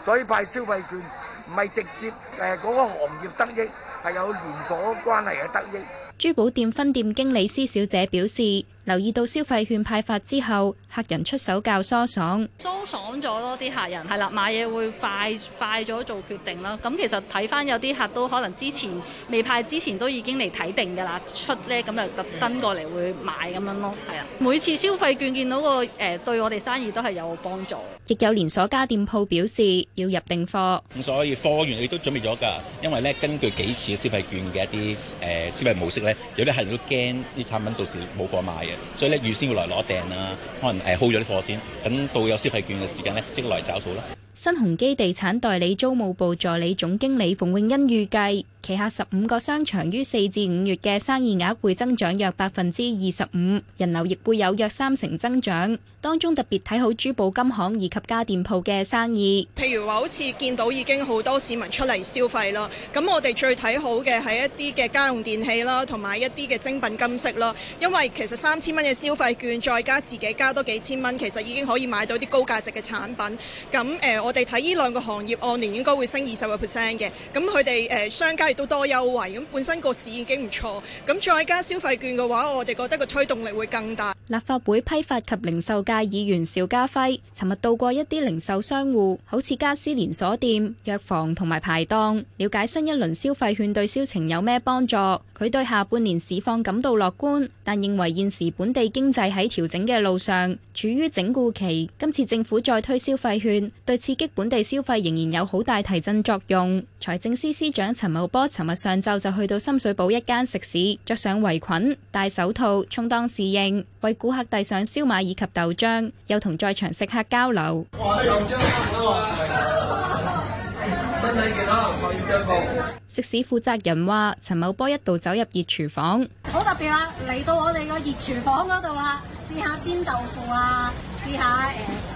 所以派消費券唔係直接誒嗰、那個行業得益，係有連鎖關係嘅得益。珠寶店分店經理施小姐表示。留意到消費券派發之後，客人出手較疏爽，疏爽咗咯啲客人，係啦買嘢會快快咗做決定啦。咁其實睇返有啲客都可能之前未派之前都已經嚟睇定㗎啦，出咧咁就特登過嚟會買咁樣咯，係啊、嗯。每次消費券見到個誒、呃，對我哋生意都係有幫助。亦有連鎖家店鋪表示要入定貨，咁所以貨源你都準備咗㗎，因為咧根據幾次消費券嘅一啲誒、呃、消費模式咧，有啲客人都驚啲產品到時冇貨賣，所以咧，預先會來攞訂啊，可能誒 hold 咗啲貨先，等到有消費券嘅時間咧，即刻嚟找數啦。新鴻基地產代理租務部助理總經理馮永欣預計，旗下十五個商場於四至五月嘅生意額會增長約百分之二十五，人流亦會有約三成增長。當中特別睇好珠寶金行以及家店鋪嘅生意。譬如話好似見到已經好多市民出嚟消費咯，咁我哋最睇好嘅係一啲嘅家用電器啦，同埋一啲嘅精品金飾啦。因為其實三千蚊嘅消費券再加自己加多幾千蚊，其實已經可以買到啲高價值嘅產品。咁誒。呃我哋睇呢兩個行業按年應該會升二十個 percent 嘅，咁佢哋誒商家亦都多優惠，咁本身個市已經唔錯，咁再加消費券嘅話，我哋覺得個推動力會更大。立法會批發及零售界議員邵家輝尋日到過一啲零售商戶，好似家私連鎖店、藥房同埋排檔，了解新一輪消費券對銷情有咩幫助。佢對下半年市況感到樂觀，但認為現時本地經濟喺調整嘅路上，處於整固期。今次政府再推消費券，對刺激本地消費仍然有好大提振作用。財政司司，司長陳茂波尋日上晝就去到深水埗一間食肆，着上圍裙、戴手套，充當侍應，為顧客遞上燒賣以及豆漿，又同在場食客交流。 食肆負責人話：陳茂波一度走入熱廚房，好特別啦！嚟到我哋個熱廚房嗰度啦。試下煎豆腐啊！試下誒、呃、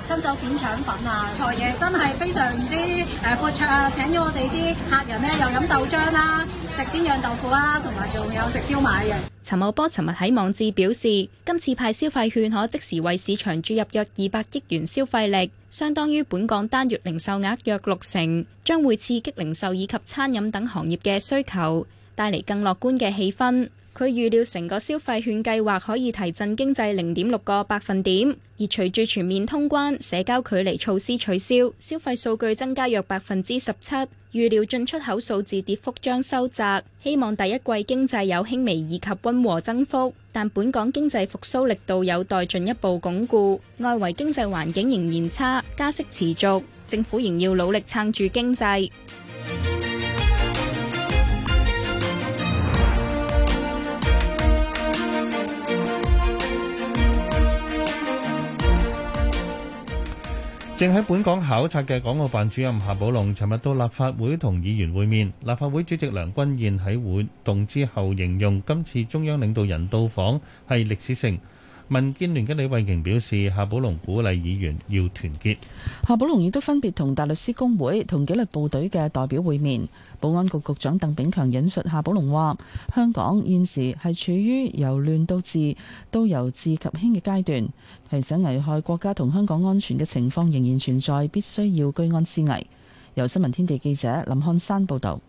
新手點腸粉啊！財爺真係非常之誒闊綽啊！請咗我哋啲客人呢，又飲豆漿啦、啊，食煎釀豆腐啦、啊，同埋仲有食燒賣嘅。陳茂波尋日喺網誌表示，今次派消費券可即時為市場注入約二百億元消費力，相當於本港單月零售額約六成，將會刺激零售以及餐飲等行業嘅需求，帶嚟更樂觀嘅氣氛。佢預料成個消費券計劃可以提振經濟零點六個百分點，而隨住全面通關、社交距離措施取消，消費數據增加約百分之十七。預料進出口數字跌幅將收窄，希望第一季經濟有輕微以及溫和增幅，但本港經濟復甦力度有待進一步鞏固。外圍經濟環境仍然差，加息持續，政府仍要努力撐住經濟。正喺本港考察嘅港澳辦主任夏寶龍，尋日到立法會同議員會面。立法會主席梁君彥喺會動之後形容，今次中央領導人到訪係歷史性。民建聯嘅李慧瓊表示，夏寶龍鼓勵議員要團結。夏寶龍亦都分別同大律師公會、同紀律部隊嘅代表會面。保安局局長鄧炳強引述夏寶龍話，香港現時係處於由亂到治，都由治及興嘅階段，提醒危害國家同香港安全嘅情況仍然存在，必須要居安思危。由新聞天地記者林漢山報道。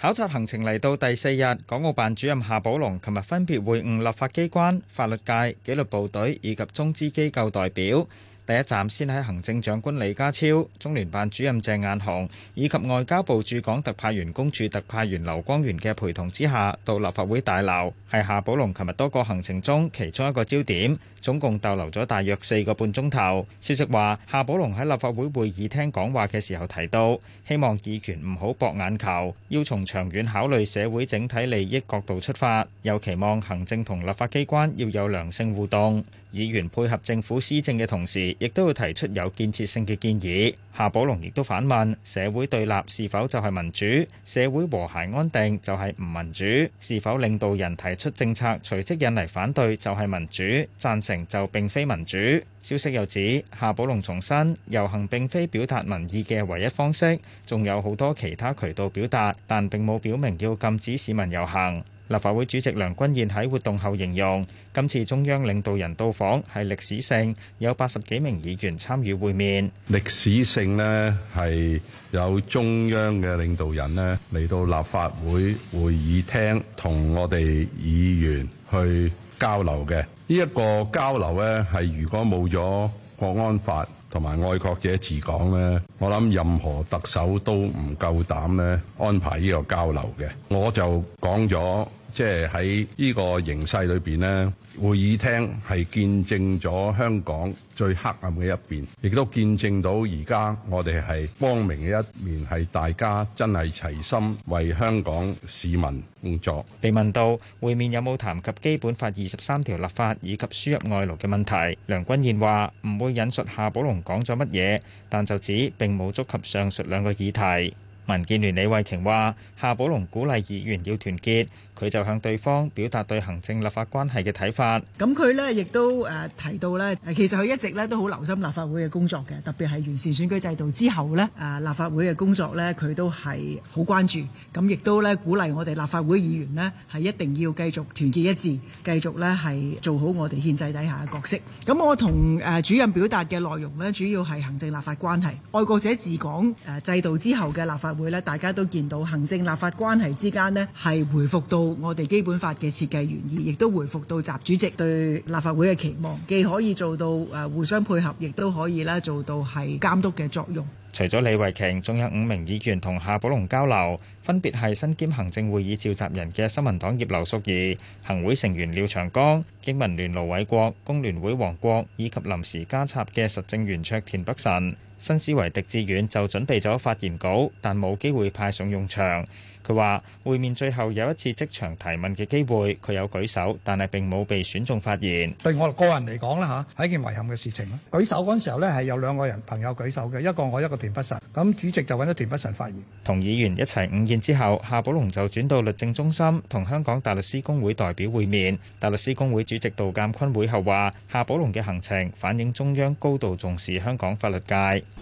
考察行程嚟到第四日，港澳辦主任夏寶龍琴日分別會晤立法機關、法律界、紀律部隊以及中資機構代表。第一站先喺行政長官李家超、中聯辦主任鄭雁雄以及外交部駐港特派員公署特派員劉光源嘅陪同之下，到立法會大樓係夏寶龍琴日多個行程中其中一個焦點，總共逗留咗大約四個半鐘頭。消息話，夏寶龍喺立法會會議廳講話嘅時候提到，希望議員唔好博眼球，要從長遠考慮社會整體利益角度出發，又期望行政同立法機關要有良性互動。議員配合政府施政嘅同時，亦都要提出有建設性嘅建議。夏寶龍亦都反問：社會對立是否就係民主？社會和諧安定就係唔民主？是否領導人提出政策隨即引嚟反對就係民主？贊成就並非民主？消息又指，夏寶龍重申，遊行並非表達民意嘅唯一方式，仲有好多其他渠道表達，但並冇表明要禁止市民遊行。立法會主席梁君彥喺活動後形容，今次中央領導人到訪係歷史性，有八十幾名議員參與會面。歷史性呢係有中央嘅領導人呢嚟到立法會會議廳同我哋議員去交流嘅。呢一個交流呢係如果冇咗《國安法》同埋《愛國者治港》呢，我諗任何特首都唔夠膽呢安排呢個交流嘅。我就講咗。即係喺呢個形勢裏邊咧，會議廳係見證咗香港最黑暗嘅一面，亦都見證到而家我哋係光明嘅一面，係大家真係齊心為香港市民工作。被問到會面有冇談及基本法二十三條立法以及輸入外勞嘅問題，梁君彥話唔會引述夏寶龍講咗乜嘢，但就指並冇觸及上述兩個議題。民建聯李慧瓊話：夏寶龍鼓勵議員要團結，佢就向對方表達對行政立法關係嘅睇法。咁佢咧亦都誒提到咧，其實佢一直咧都好留心立法會嘅工作嘅，特別係完善選舉制度之後咧，誒立法會嘅工作咧佢都係好關注。咁亦都咧鼓勵我哋立法會議員咧係一定要繼續團結一致，繼續咧係做好我哋憲制底下嘅角色。咁我同誒主任表達嘅內容咧，主要係行政立法關係、愛國者治港誒制度之後嘅立法。會咧，大家都見到行政立法關係之間咧，係回復到我哋基本法嘅設計原意，亦都回復到習主席對立法會嘅期望，既可以做到誒互相配合，亦都可以啦做到係監督嘅作用。除咗李慧瓊，仲有五名議員同夏寶龍交流，分別係身兼行政會議召集人嘅新民黨葉劉淑儀、行會成員廖長江、經民聯盧偉國、工聯會黃國以及臨時加插嘅實政圓桌田北辰。新思維狄志遠就準備咗發言稿，但冇機會派上用場。佢話會面最後有一次即場提問嘅機會，佢有舉手，但係並冇被選中發言。對我個人嚟講呢吓，係一件遺憾嘅事情。舉手嗰陣時候呢，係有兩個人朋友舉手嘅，一個我，一個田北辰。咁主席就揾咗田北辰發言。同議員一齊午宴之後，夏寶龍就轉到律政中心同香港大律師公會代表會面。大律師公會主席杜鑑坤會後話：夏寶龍嘅行程反映中央高度重視香港法律界。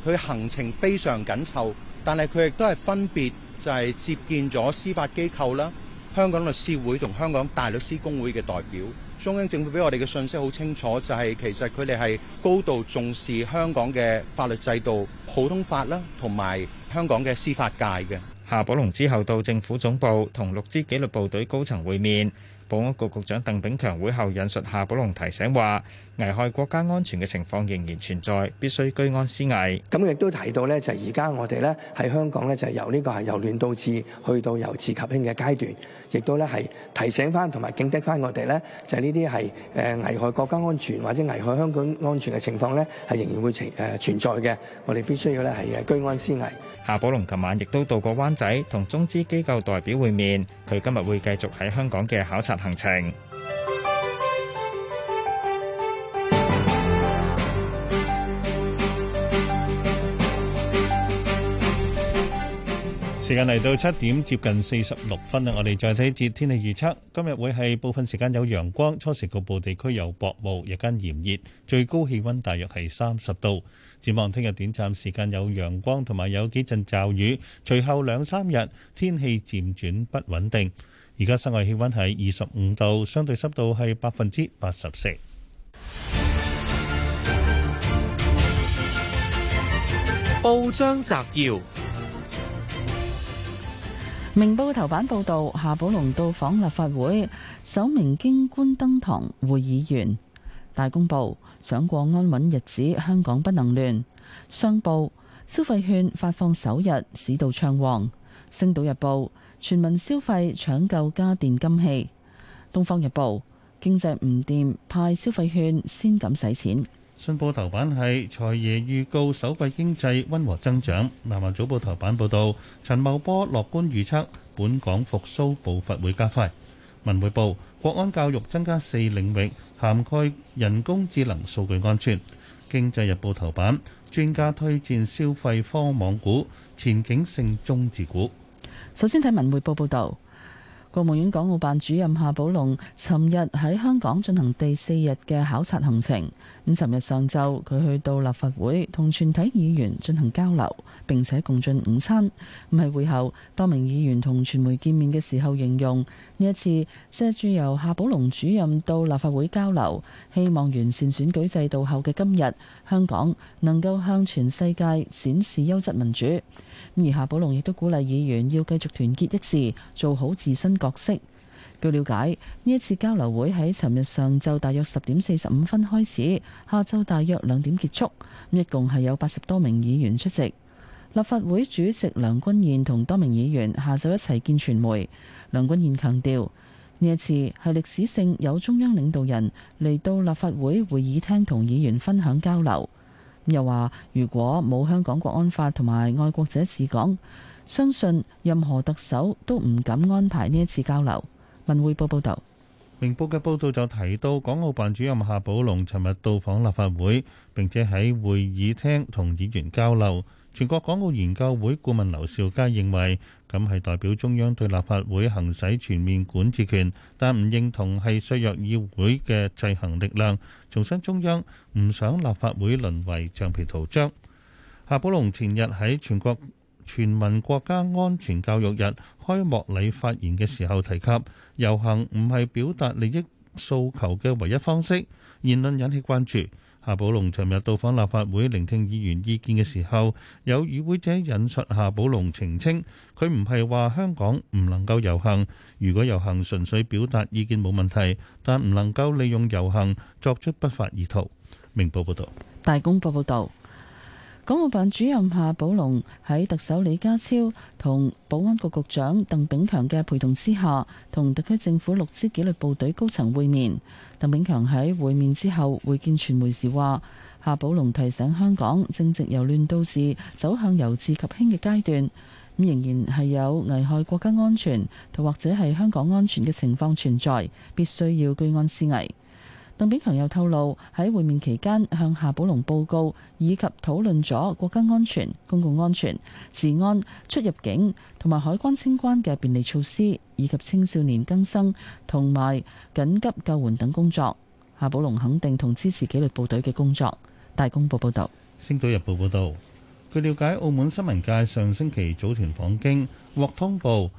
佢行程非常緊湊，但係佢亦都係分別。就係接見咗司法機構啦、香港律師會同香港大律師公會嘅代表。中央政府俾我哋嘅信息好清楚，就係其實佢哋係高度重視香港嘅法律制度、普通法啦，同埋香港嘅司法界嘅。夏寶龍之後到政府總部同六支紀律部隊高層會面，保安局局長鄧炳強會後引述夏寶龍提醒話。危害國家安全嘅情況仍然存在，必須居安思危。咁亦都提到咧，就係而家我哋咧喺香港咧，就係由呢個係由亂到治，去到由治及興嘅階段，亦都咧係提醒翻同埋警惕翻我哋咧，就係呢啲係誒危害國家安全或者危害香港安全嘅情況咧，係仍然會存存在嘅。我哋必須要咧係居安思危。夏寶龍琴晚亦都到過灣仔同中資機構代表會面，佢今日會繼續喺香港嘅考察行程。時間嚟到七點接近四十六分啦，我哋再睇一節天氣預測。今日會係部分時間有陽光，初時局部地區有薄霧，日間炎熱，最高氣溫大約係三十度。展望聽日短暫時間有陽光同埋有幾陣驟雨，隨後兩三日天氣漸轉不穩定。而家室外氣温係二十五度，相對濕度係百分之八十四。報章摘要。明報嘅頭版報道夏寶龍到訪立法會，首名京官登堂會議員。大公報想過安穩日子，香港不能亂。商報消費券發放首日市道暢旺。星島日報全民消費搶救家電金器。東方日報經濟唔掂派消費券先敢使錢。信報頭版係財爺預告首季經濟溫和增長。南華早報頭版報導，陳茂波樂觀預測本港復甦步伐會加快。文匯報國安教育增加四領域，涵蓋人工智能、數據安全。經濟日報頭版專家推薦消費科網股前景性中字股。首先睇文匯報報導，國務院港澳辦主任夏寶龍尋日喺香港進行第四日嘅考察行程。五十日上晝，佢去到立法會同全體議員進行交流，並且共進午餐。咁喺會後，多名議員同傳媒見面嘅時候形容，呢一次借住由夏寶龍主任到立法會交流，希望完善選舉制度後嘅今日，香港能夠向全世界展示優質民主。而夏寶龍亦都鼓勵議員要繼續團結一致，做好自身角色。據了解，呢一次交流會喺尋日上晝大約十點四十五分開始，下晝大約兩點結束。一共係有八十多名議員出席。立法會主席梁君彥同多名議員下晝一齊見傳媒。梁君彥強調，呢一次係歷史性，有中央領導人嚟到立法會會議廳同議員分享交流。又話，如果冇香港國安法同埋愛國者治港，相信任何特首都唔敢安排呢一次交流。文匯報報道，明報嘅報道就提到，港澳辦主任夏寶龍尋日到訪立法會，並且喺會議廳同議員交流。全國港澳研究會顧問劉兆佳認為，咁係代表中央對立法會行使全面管治權，但唔認同係削弱議會嘅制衡力量。重申中央唔想立法會淪為橡皮圖章。夏寶龍前日喺全國全民國家安全教育日開幕禮發言嘅時候提及，遊行唔係表達利益訴求嘅唯一方式。言論引起關注。夏寶龍尋日到訪立法會聆聽議員意見嘅時候，有與會者引述夏寶龍澄清，佢唔係話香港唔能夠遊行，如果遊行純粹表達意見冇問題，但唔能夠利用遊行作出不法意圖。明報報道。大公報報道。港澳辦主任夏寶龍喺特首李家超同保安局局長鄧炳強嘅陪同之下，同特區政府六支紀律部隊高層會面。鄧炳強喺會面之後會見傳媒時話：夏寶龍提醒香港正值由亂到治走向由治及興嘅階段，咁仍然係有危害國家安全同或者係香港安全嘅情況存在，必須要居安思危。鄧炳強又透露喺會面期間向夏寶龍報告以及討論咗國家安全、公共安全、治安、出入境同埋海關清關嘅便利措施，以及青少年更生同埋緊急救援等工作。夏寶龍肯定同支持紀律部隊嘅工作。大公報報道，《星島日報》報道，據了解，澳門新聞界上星期組團訪京獲通報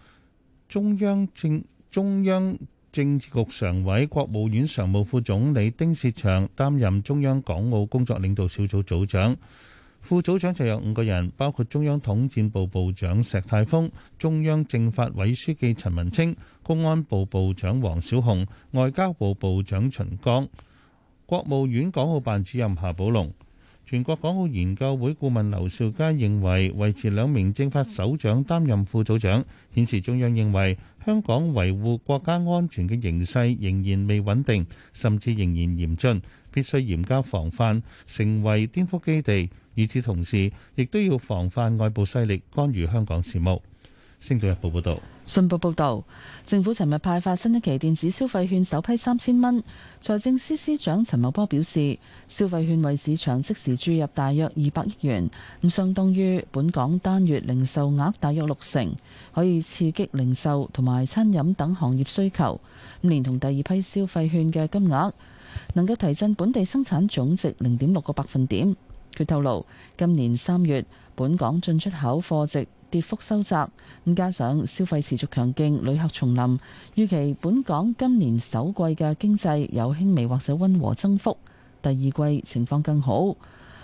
中央政中央。政治局常委、國務院常務副總理丁薛祥擔任中央港澳工作領導小組組長。副組長就有五個人，包括中央統戰部部長石泰峰、中央政法委書記陳文清、公安部部長王小洪、外交部部長秦剛、國務院港澳辦主任夏寶龍。全國港澳研究會顧問劉兆佳認為維持兩名政法首長擔任副組長顯示中央認為，香港維護國家安全嘅形勢仍然未穩定，甚至仍然嚴峻，必須嚴加防範，成為顛覆基地。與此同時，亦都要防範外部勢力干預香港事務。星島日報報導。信報報導，政府尋日派發新一期電子消費券，首批三千蚊。財政司司長陳茂波表示，消費券為市場即時注入大約二百億元，咁相當於本港單月零售額大約六成，可以刺激零售同埋餐飲等行業需求。咁連同第二批消費券嘅金額，能夠提振本地生產總值零點六個百分點。佢透露，今年三月本港進出口貨值跌幅收窄，咁加上消費持續強勁，旅客重臨，預期本港今年首季嘅經濟有輕微或者温和增幅，第二季情況更好。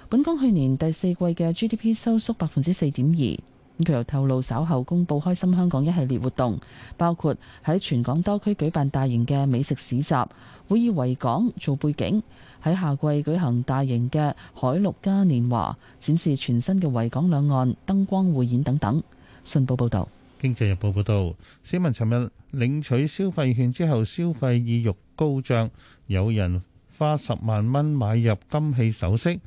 本港去年第四季嘅 GDP 收縮百分之四點二，咁佢又透露稍後公布，開心香港一系列活動，包括喺全港多區舉辦大型嘅美食市集，會以維港做背景。喺夏季舉行大型嘅海陸嘉年華，展示全新嘅維港兩岸燈光匯演等等。信報報道，《經濟日報》報道，市民尋日領取消費券之後，消費意欲高漲，有人花十萬蚊買入金器首飾，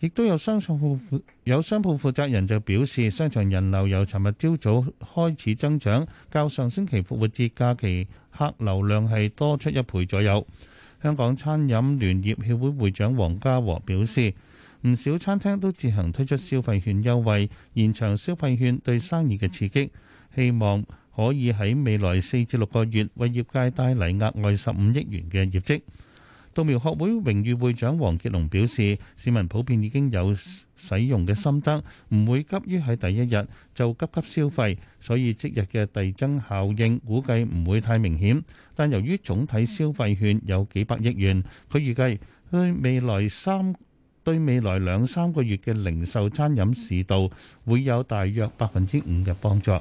亦都有商場負，負有商鋪負責人就表示，商場人流由尋日朝早開始增長，較上星期復活節假期客流量係多出一倍左右。香港餐飲聯業協會會長黃家和表示，唔少餐廳都自行推出消費券優惠，延長消費券對生意嘅刺激，希望可以喺未來四至六個月為業界帶嚟額外十五億元嘅業績。稻苗學會榮譽會長王傑龍表示，市民普遍已經有使用嘅心得，唔會急於喺第一日就急急消費，所以即日嘅遞增效應估計唔會太明顯。但由於總體消費券有幾百億元，佢預計對未來三對未來兩三個月嘅零售餐飲市道會有大約百分之五嘅幫助。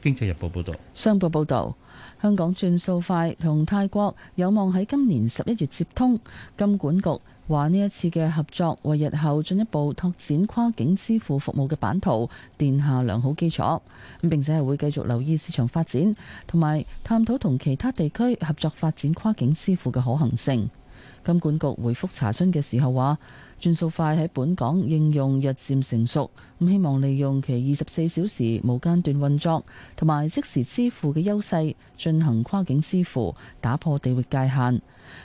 經濟日報報導，商報報導。香港轉數快同泰國有望喺今年十一月接通，金管局話呢一次嘅合作為日後進一步拓展跨境支付服務嘅版圖奠下良好基礎，咁並且係會繼續留意市場發展，同埋探討同其他地區合作發展跨境支付嘅可行性。金管局回覆查詢嘅時候話轉數快喺本港應用日漸成熟，咁希望利用其二十四小時無間斷運作同埋即時支付嘅優勢進行跨境支付，打破地域界限。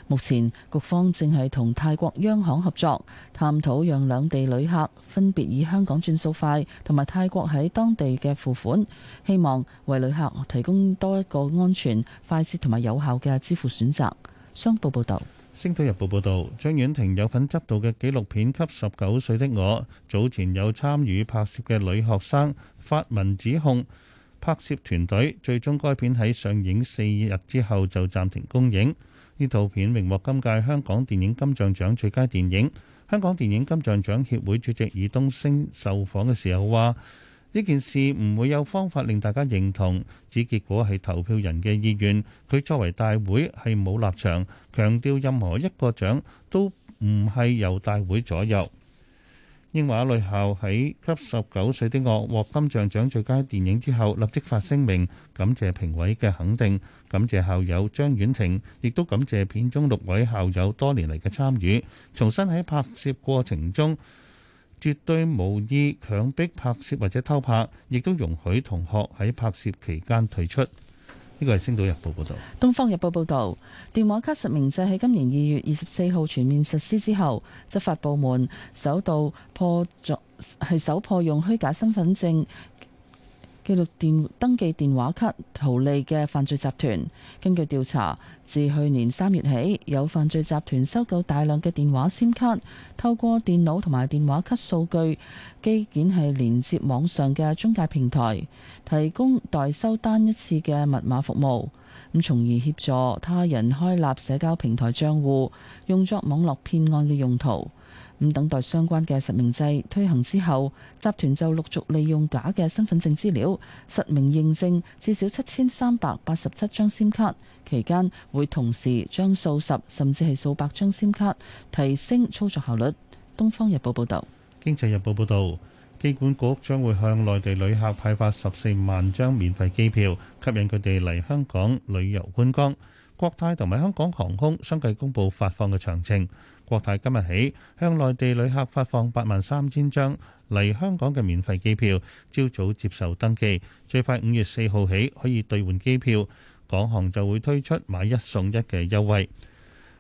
目前局方正係同泰國央行合作，探討讓兩地旅客分別以香港轉數快同埋泰國喺當地嘅付款，希望為旅客提供多一個安全、快捷同埋有效嘅支付選擇，商報報道。星島日報報導，張婉婷有份執導嘅紀錄片《給十九歲的我》，早前有參與拍攝嘅女學生發文指控拍攝團隊，最終該片喺上映四日之後就暫停公映。呢套片榮獲今屆香港電影金像獎最佳電影。香港電影金像獎協會主席爾冬升受訪嘅時候話。呢件事唔會有方法令大家認同，只結果係投票人嘅意願。佢作為大會係冇立場，強調任何一個獎都唔係由大會左右。英華女校喺給十九歲的我獲金像獎最佳電影之後，立即發聲明感謝評委嘅肯定，感謝校友張婉婷，亦都感謝片中六位校友多年嚟嘅參與，重新喺拍攝過程中。絕對無意強迫拍攝或者偷拍，亦都容許同學喺拍攝期間退出。呢個係《星島日報》報導，《東方日報》報導，電話卡實名制喺今年二月二十四號全面實施之後，執法部門首度破咗係首破用虛假身份證。記錄電登記電話卡圖利嘅犯罪集團，根據調查，自去年三月起，有犯罪集團收購大量嘅電話 SIM 卡，透過電腦同埋電話卡數據，機件係連接網上嘅中介平台，提供代收單一次嘅密碼服務，咁從而協助他人開立社交平台賬戶，用作網絡騙案嘅用途。咁等待相關嘅實名制推行之後，集團就陸續利用假嘅身份證資料實名認證，至少七千三百八十七張 SIM 卡。期間會同時將數十甚至係數百張 SIM 卡提升操作效率。《東方日報》報道，《經濟日報》報道，機管局將會向內地旅客派發十四萬張免費機票，吸引佢哋嚟香港旅遊觀光。國泰同埋香港航空相繼公佈發放嘅詳情。國泰今日起向內地旅客發放八萬三千張嚟香港嘅免費機票，朝早接受登記，最快五月四號起可以兌換機票。港航就會推出買一送一嘅優惠。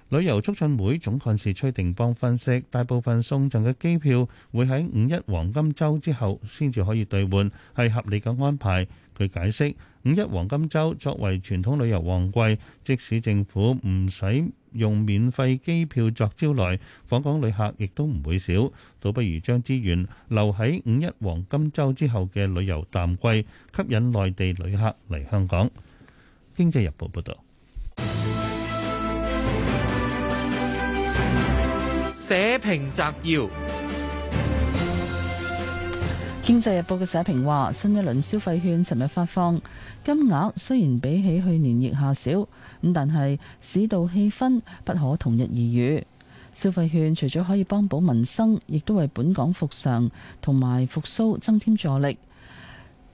旅遊促進會總幹事崔定邦分析，大部分送贈嘅機票會喺五一黃金周之後先至可以兌換，係合理嘅安排。據解釋：五一黃金週作為傳統旅遊旺季，即使政府唔使用免費機票作招來，訪港旅客亦都唔會少。倒不如將資源留喺五一黃金週之後嘅旅遊淡季，吸引內地旅客嚟香港。經濟日報報導。社評摘要。經濟日報嘅社評話：新一輪消費券尋日發放，金額雖然比起去年亦下少，咁但係市道氣氛不可同日而語。消費券除咗可以幫補民生，亦都為本港復常同埋復蘇增添助力。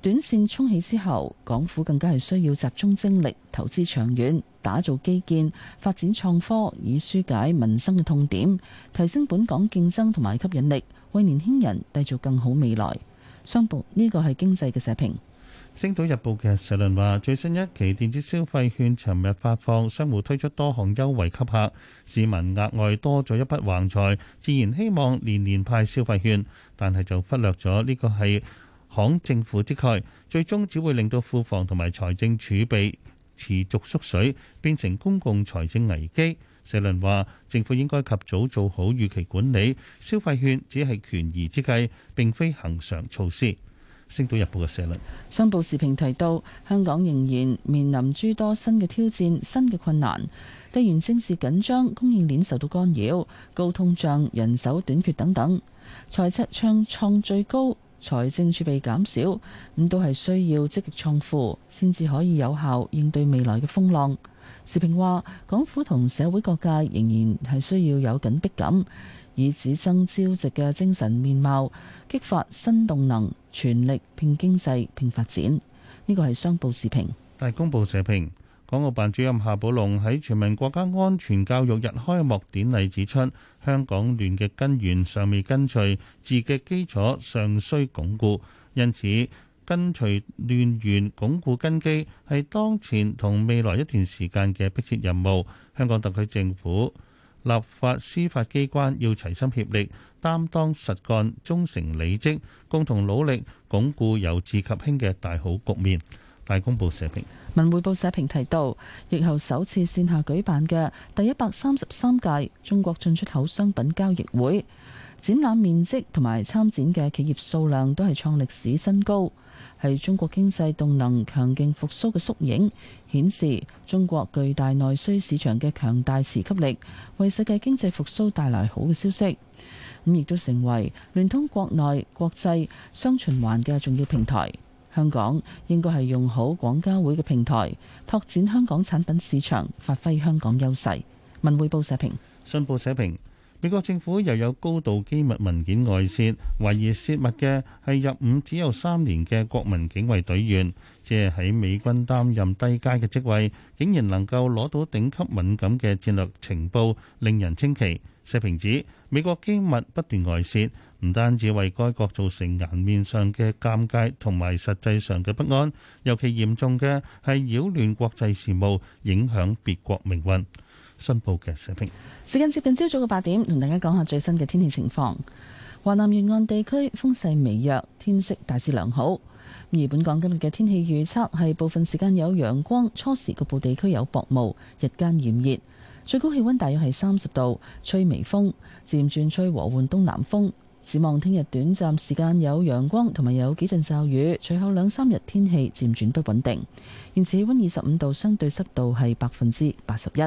短線衝起之後，港府更加係需要集中精力投資長遠，打造基建、發展創科，以舒解民生嘅痛點，提升本港競爭同埋吸引力，為年輕人締造更好未來。商報，呢個係經濟嘅社評。星島日報嘅社論話，最新一期電子消費券尋日發放，商戶推出多項優惠吸客，市民額外多咗一筆橫財，自然希望年年派消費券，但係就忽略咗，呢個係行政府積概，最終只會令到庫房同埋財政儲備持續縮水，變成公共財政危機。社論話，政府應該及早做好預期管理。消費券只係權宜之計，並非恒常措施。星島日報嘅社論。商報時評提到，香港仍然面臨諸多新嘅挑戰、新嘅困難，地緣政治緊張、供應鏈受到干擾、高通脹、人手短缺等等，財赤創創最高，財政儲備減少，咁都係需要積極創富，先至可以有效應對未來嘅風浪。時評話，港府同社會各界仍然係需要有緊迫感，以只爭朝夕嘅精神面貌，激發新動能，全力拼經濟拼發展。呢個係商報時評，大公報社評。港澳辦主任夏寶龍喺全民國家安全教育日開幕典禮指出，香港亂嘅根源尚未根除，治嘅基礎尚需鞏固，因此根除亂源、鞏固根基係當前同未來一段時間嘅迫切任務。香港特區政府、立法、司法機關要齊心協力，擔當實幹，忠誠履職，共同努力鞏固由治及興嘅大好局面。大公報社評文匯報社評提到，疫後首次線下舉辦嘅第一百三十三屆中國進出口商品交易會，展覽面積同埋參展嘅企業數量都係創歷史新高，係中國經濟動能強勁復甦嘅縮影，顯示中國巨大內需市場嘅強大磁吸力，為世界經濟復甦帶來好嘅消息。咁亦都成為聯通國內國際雙循環嘅重要平台。香港應該係用好廣交會嘅平台，拓展香港產品市場，發揮香港優勢。文匯報社評，信報社評，美國政府又有高度機密文件外泄，懷疑泄密嘅係入伍只有三年嘅國民警衛隊員。即係喺美軍擔任低階嘅職位，竟然能夠攞到頂級敏感嘅戰略情報，令人稱奇。社評指美國機密不斷外泄，唔單止為該國造成顏面上嘅尷尬，同埋實際上嘅不安，尤其嚴重嘅係擾亂國際事務，影響別國命運。新報嘅社評。時間接近朝早嘅八點，同大家講下最新嘅天氣情況。華南沿岸地區風勢微弱，天色大致良好。而本港今日嘅天氣預測係部分時間有陽光，初時局部地區有薄霧，日間炎熱，最高氣溫大約係三十度，吹微風，漸轉吹和緩東南風。展望聽日短暫時間有陽光同埋有幾陣驟雨，隨後兩三日天氣漸轉不穩定。現時氣溫二十五度，相對濕度係百分之八十一。